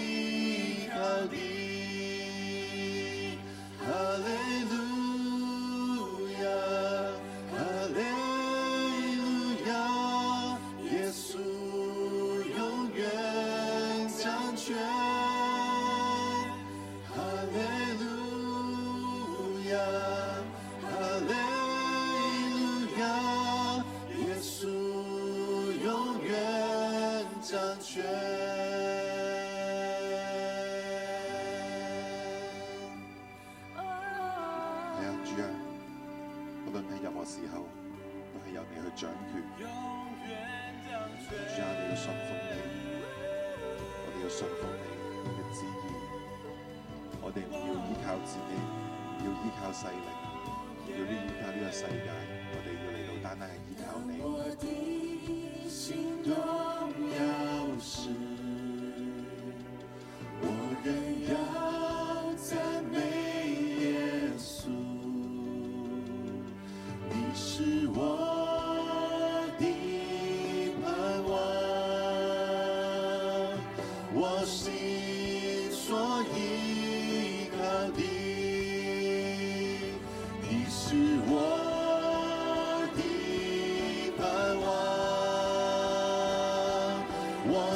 順服你嘅旨意，我哋唔要依靠自己，唔要依靠勢力，唔要呢依靠呢個世界，我哋要嚟到單單係依靠你。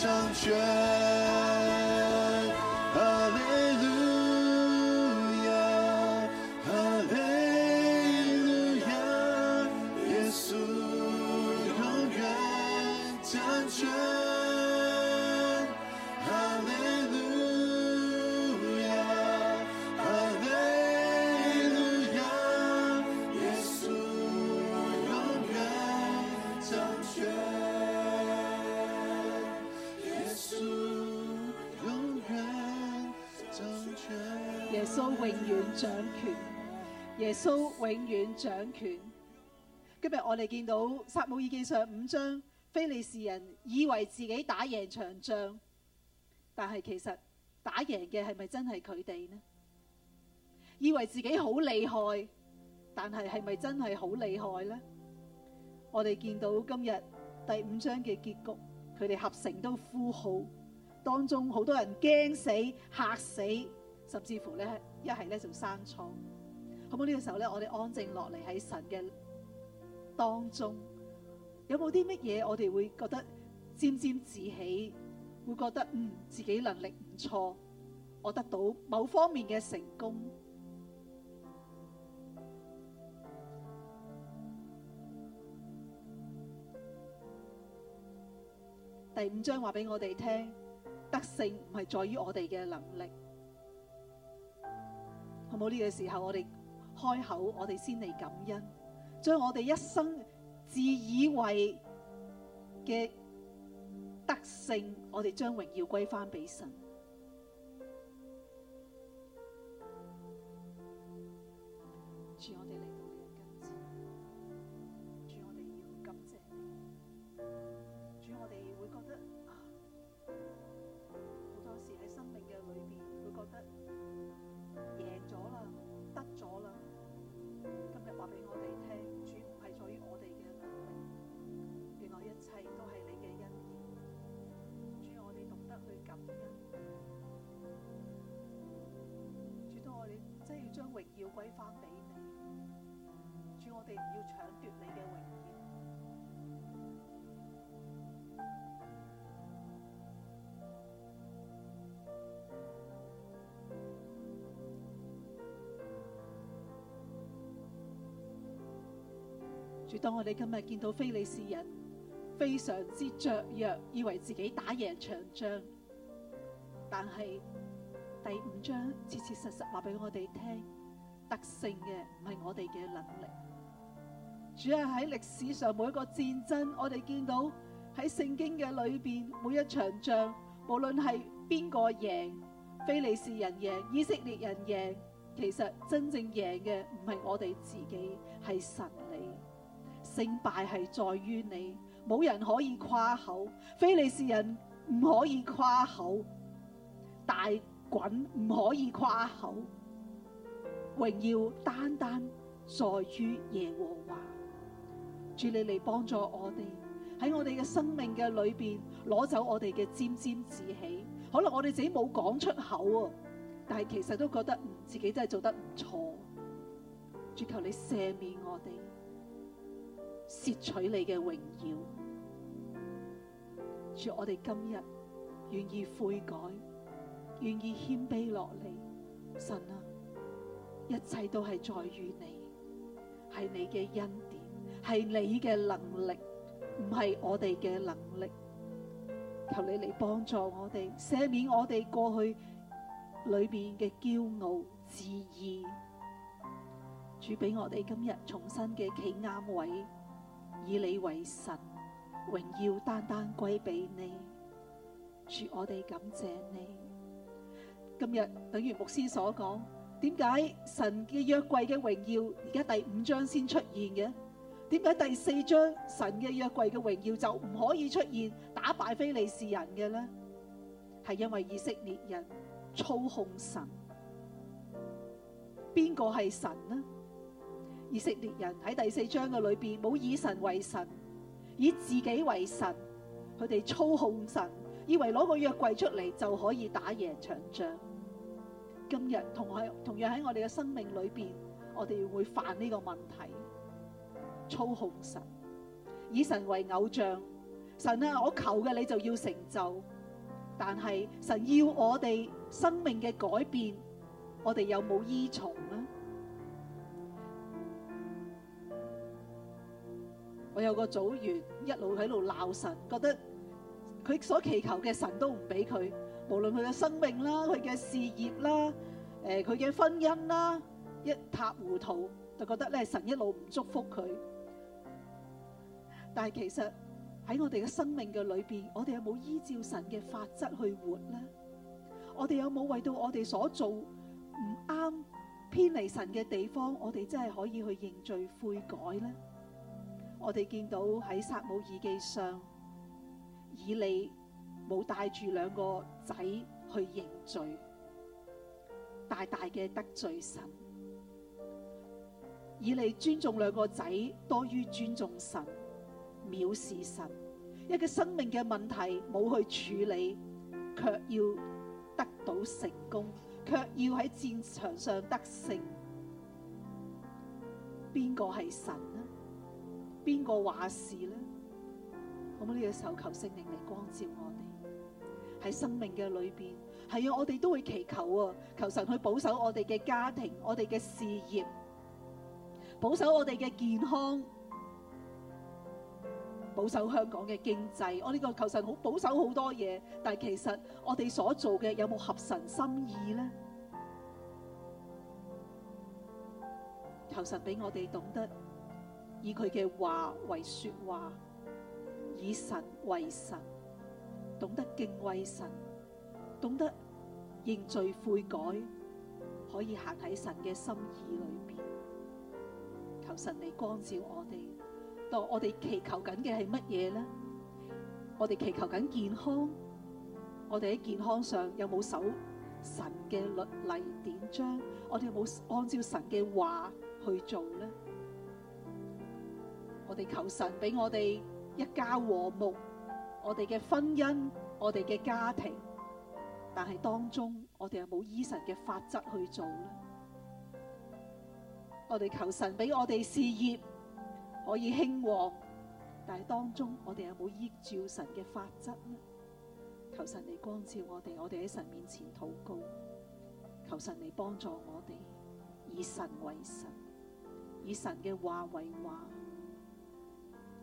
成全。永遠掌權，耶穌永遠掌權。今日我哋見到撒母耳記上五章，非利士人以為自己打贏場仗，但係其實打贏嘅係咪真係佢哋呢？以為自己好厲害，但係係咪真係好厲害呢？我哋見到今日第五章嘅結局，佢哋合城都呼號，當中好多人驚死、嚇死，甚至乎呢。一係咧就生瘡，好冇呢，這個時候咧，我哋安靜落嚟喺神嘅當中，有冇啲乜嘢我哋會覺得沾沾自喜，會覺得嗯，自己能力唔錯，我得到某方面嘅成功。第五章話俾我哋聽，得勝唔係在於我哋嘅能力。冇，呢個時候，我哋開口，我哋先嚟感恩，將我哋一生自以為嘅德性，我哋將榮耀歸翻俾神。歸翻俾你，主，我哋唔要搶奪你嘅榮耀。 [NOISE] [NOISE] 主，當我哋今日見到非利士人非常之雀躍，以為自己打贏場仗，但係第五章切切實實話俾我哋聽。特性嘅唔係我哋嘅能力，主要喺歷史上每一個戰爭，我哋見到喺聖經嘅裏邊每一場仗，無論係邊個贏，非利士人贏，以色列人贏，其實真正贏嘅唔係我哋自己，係神你，勝敗係在於你，冇人可以誇口，非利士人唔可以誇口，大袞唔可以誇口。榮耀單單在於耶和華，主，你嚟幫助我哋喺我哋嘅生命嘅裏邊攞走我哋嘅沾沾自喜。可能我哋自己冇講出口啊，但係其實都覺得自己真係做得唔錯。主，求你赦免我哋，攝取你嘅榮耀。主，我哋今日願意悔改，願意謙卑落嚟，神啊！一切都係在於你，係你嘅恩典，係你嘅能力，唔係我哋嘅能力。求你嚟幫助我哋，赦免我哋過去裏面嘅驕傲自義。主俾我哋今日重新嘅企啱位，以你為神，榮耀單單歸俾你。主，我哋感謝你。今日等于牧師所講。點解神嘅約櫃嘅榮耀而家第五章先出現嘅？點解第四章神嘅約櫃嘅榮耀就唔可以出現打敗非利士人嘅呢？係因為以色列人操控神。邊個係神呢？以色列人喺第四章嘅裏邊，冇以神為神，以自己為神，佢哋操控神，以為攞個約櫃出嚟就可以打贏場仗。今日同喺同樣喺我哋嘅生命裏邊，我哋會犯呢個問題，操控神，以神為偶像。神啊，我求嘅你就要成就，但係神要我哋生命嘅改變，我哋有冇依從呢？我有個組員一路喺度鬧神，覺得佢所祈求嘅神都唔俾佢。無論佢嘅生命啦，佢嘅事業啦，誒佢嘅婚姻啦，一塌糊塗，就覺得咧神一路唔祝福佢。但係其實喺我哋嘅生命嘅裏邊，我哋有冇依照神嘅法則去活咧？我哋有冇為到我哋所做唔啱、偏離神嘅地方，我哋真係可以去認罪悔改咧？我哋見到喺撒母耳記上以利。冇帶住兩個仔去認罪，大大嘅得罪神，以嚟尊重兩個仔多於尊重神，藐視神，一個生命嘅問題冇去處理，卻要得到成功，卻要喺戰場上得勝，邊個係神呢？邊個話事呢？好冇呢、這個求聖靈嚟光照我。喺生命嘅裏邊，係要我哋都會祈求啊、哦，求神去保守我哋嘅家庭，我哋嘅事業，保守我哋嘅健康，保守香港嘅經濟。我、哦、呢、這個求神好保守好多嘢，但係其實我哋所做嘅有冇合神心意呢？求神俾我哋懂得，以佢嘅話為說話，以神為神。懂得敬畏神，懂得認罪悔改，可以行喺神嘅心意裏邊。求神嚟光照我哋，當我哋祈求緊嘅係乜嘢咧？我哋祈求緊健康，我哋喺健康上有冇守神嘅律例典章？我哋有冇按照神嘅話去做咧？我哋求神俾我哋一家和睦。我哋嘅婚姻，我哋嘅家庭，但係當中我哋有冇依神嘅法則去做呢？我哋求神俾我哋事業可以興旺，但係當中我哋有冇依照神嘅法則呢？求神你光照我哋，我哋喺神面前禱告，求神你幫助我哋，以神為神，以神嘅話為話，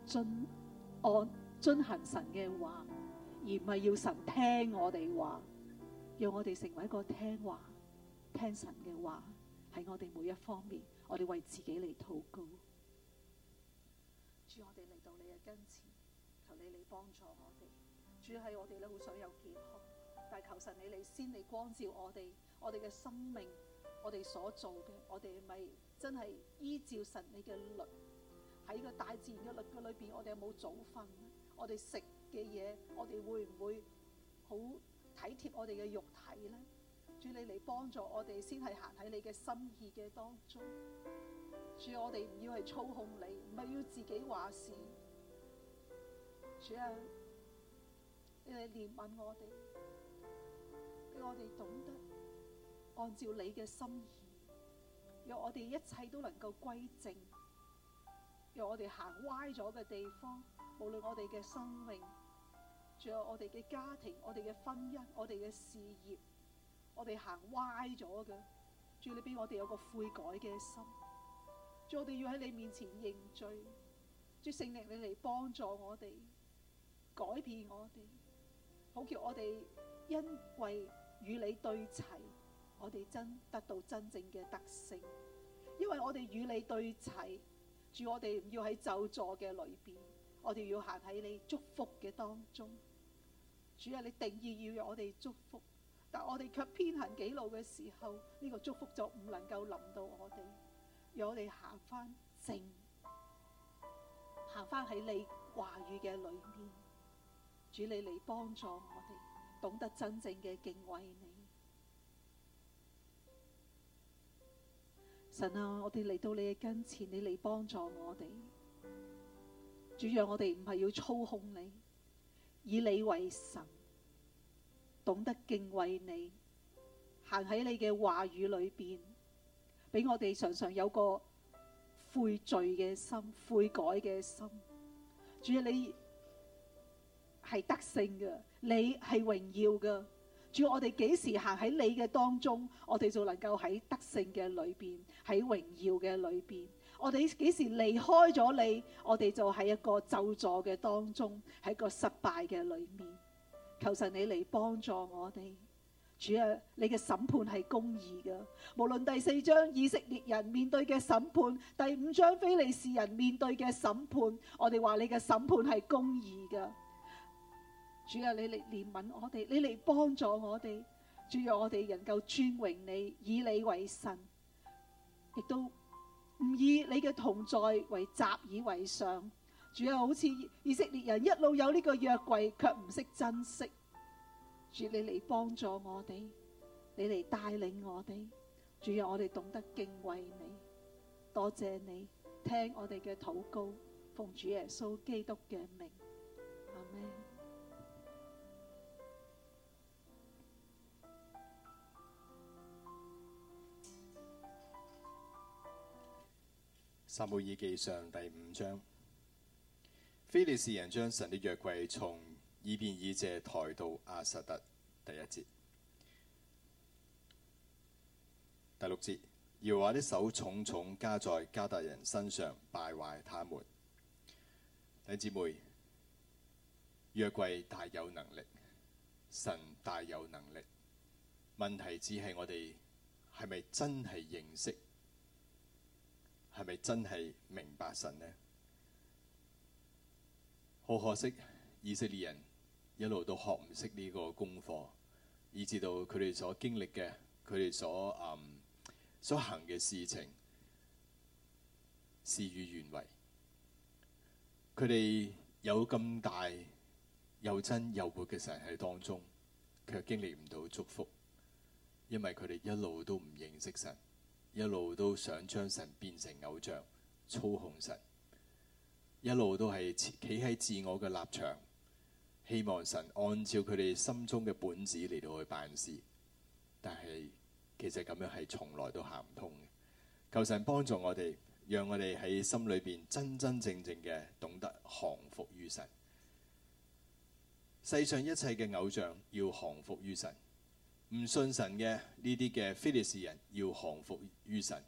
盡安。遵行神嘅話，而唔係要神聽我哋話，讓我哋成為一個聽話、聽神嘅話，喺我哋每一方面，我哋為自己嚟禱告。主，我哋嚟到你嘅跟前，求你嚟幫助我哋。主係我哋咧，好想有健康，但係求神你嚟先嚟光照我哋，我哋嘅生命，我哋所做嘅，我哋係咪真係依照神你嘅律？喺個大自然嘅律裏邊，我哋有冇早瞓？我哋食嘅嘢，我哋會唔會好體貼我哋嘅肉體咧？主你嚟幫助我哋，先係行喺你嘅心意嘅當中。主我哋唔要係操控你，唔係要自己話事。主啊，你嚟憐憫我哋，俾我哋懂得按照你嘅心意，若我哋一切都能夠歸正，若我哋行歪咗嘅地方。無論我哋嘅生命，仲有我哋嘅家庭、我哋嘅婚姻、我哋嘅事業，我哋行歪咗嘅，主你俾我哋有個悔改嘅心，主我哋要喺你面前認罪，主聖靈你嚟幫助我哋改變我哋，好叫我哋因為與你對齊，我哋真得到真正嘅得勝，因為我哋與你對齊，主我哋唔要喺就座嘅裏邊。我哋要行喺你祝福嘅當中，主啊，你定義要有我哋祝福，但我哋卻偏行己路嘅時候，呢個祝福就唔能夠臨到我哋。要我哋行翻正，行翻喺你話語嘅裏面，主你嚟幫助我哋，懂得真正嘅敬畏你。神啊，我哋嚟到你嘅跟前，你嚟幫助我哋。主讓我哋唔係要操控你，以你為神，懂得敬畏你，行喺你嘅話語裏邊，俾我哋常常有個悔罪嘅心、悔改嘅心。主啊，你係得勝嘅，你係榮耀嘅。主，我哋幾時行喺你嘅當中，我哋就能夠喺得勝嘅裏邊，喺榮耀嘅裏邊。我哋幾時離開咗你？我哋就喺一個咒詛嘅當中，喺個失敗嘅裏面。求神你嚟幫助我哋，主啊，你嘅審判係公義㗎。無論第四章以色列人面對嘅審判，第五章非利士人面對嘅審判，我哋話你嘅審判係公義㗎。主啊，你嚟憐憫我哋，你嚟幫助我哋，主讓我哋能夠尊榮你，以你為神，亦都。唔以你嘅同在為習以為常，主要好似以色列人一路有呢個約櫃，卻唔識珍惜。主你嚟幫助我哋，你嚟帶領我哋，主要我哋懂得敬畏你。多謝你聽我哋嘅禱告，奉主耶穌基督嘅名。撒母耳記上第五章，非利士人將神的約櫃從以便以謝抬到亞實突，第一節、第六節，耶和華的手重重加在加達人身上，敗壞他們。弟兄姊妹，約櫃大有能力，神大有能力，問題只係我哋係咪真係認識？係咪真係明白神呢？好可惜，以色列人一路都學唔識呢個功課，以至到佢哋所經歷嘅，佢哋所、嗯、所行嘅事情事與願違。佢哋有咁大又真又活嘅神喺當中，卻經歷唔到祝福，因為佢哋一路都唔認識神。一路都想將神變成偶像，操控神，一路都係企喺自我嘅立場，希望神按照佢哋心中嘅本子嚟到去辦事。但係其實咁樣係從來都行唔通嘅。求神幫助我哋，讓我哋喺心裏邊真真正正嘅懂得降服於神。世上一切嘅偶像要降服於神。唔信神嘅呢啲嘅非利士人要降服於神，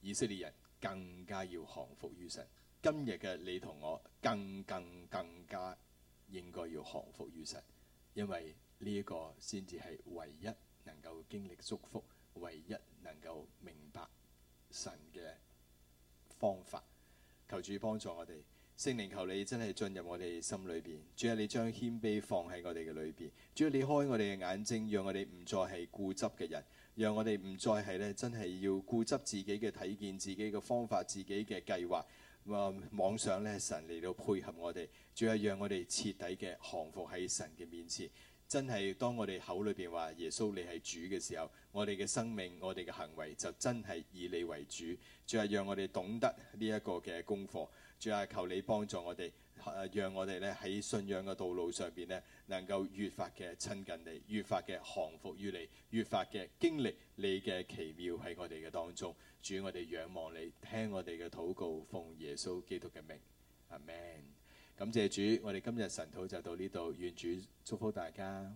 以色列人更加要降服於神。今日嘅你同我更更更加應該要降服於神，因為呢一個先至係唯一能夠經歷祝福，唯一能夠明白神嘅方法。求主幫助我哋。聖靈求你真係進入我哋心裏邊，主啊，你將謙卑放喺我哋嘅裏邊，主啊，你開我哋嘅眼睛，讓我哋唔再係固執嘅人，讓我哋唔再係咧真係要固執自己嘅睇見、自己嘅方法、自己嘅計劃、妄、嗯、妄想呢神嚟到配合我哋。主啊，讓我哋徹底嘅降服喺神嘅面前，真係當我哋口裏邊話耶穌你係主嘅時候，我哋嘅生命、我哋嘅行為就真係以你為主。主啊，讓我哋懂得呢一個嘅功課。主啊，求你幫助我哋，誒讓我哋咧喺信仰嘅道路上邊咧，能夠越發嘅親近你，越發嘅降服於你，越發嘅經歷你嘅奇妙喺我哋嘅當中。主，我哋仰望你，聽我哋嘅禱告，奉耶穌基督嘅名，阿門，感謝主，我哋今日晨禱就到呢度，願主祝福大家。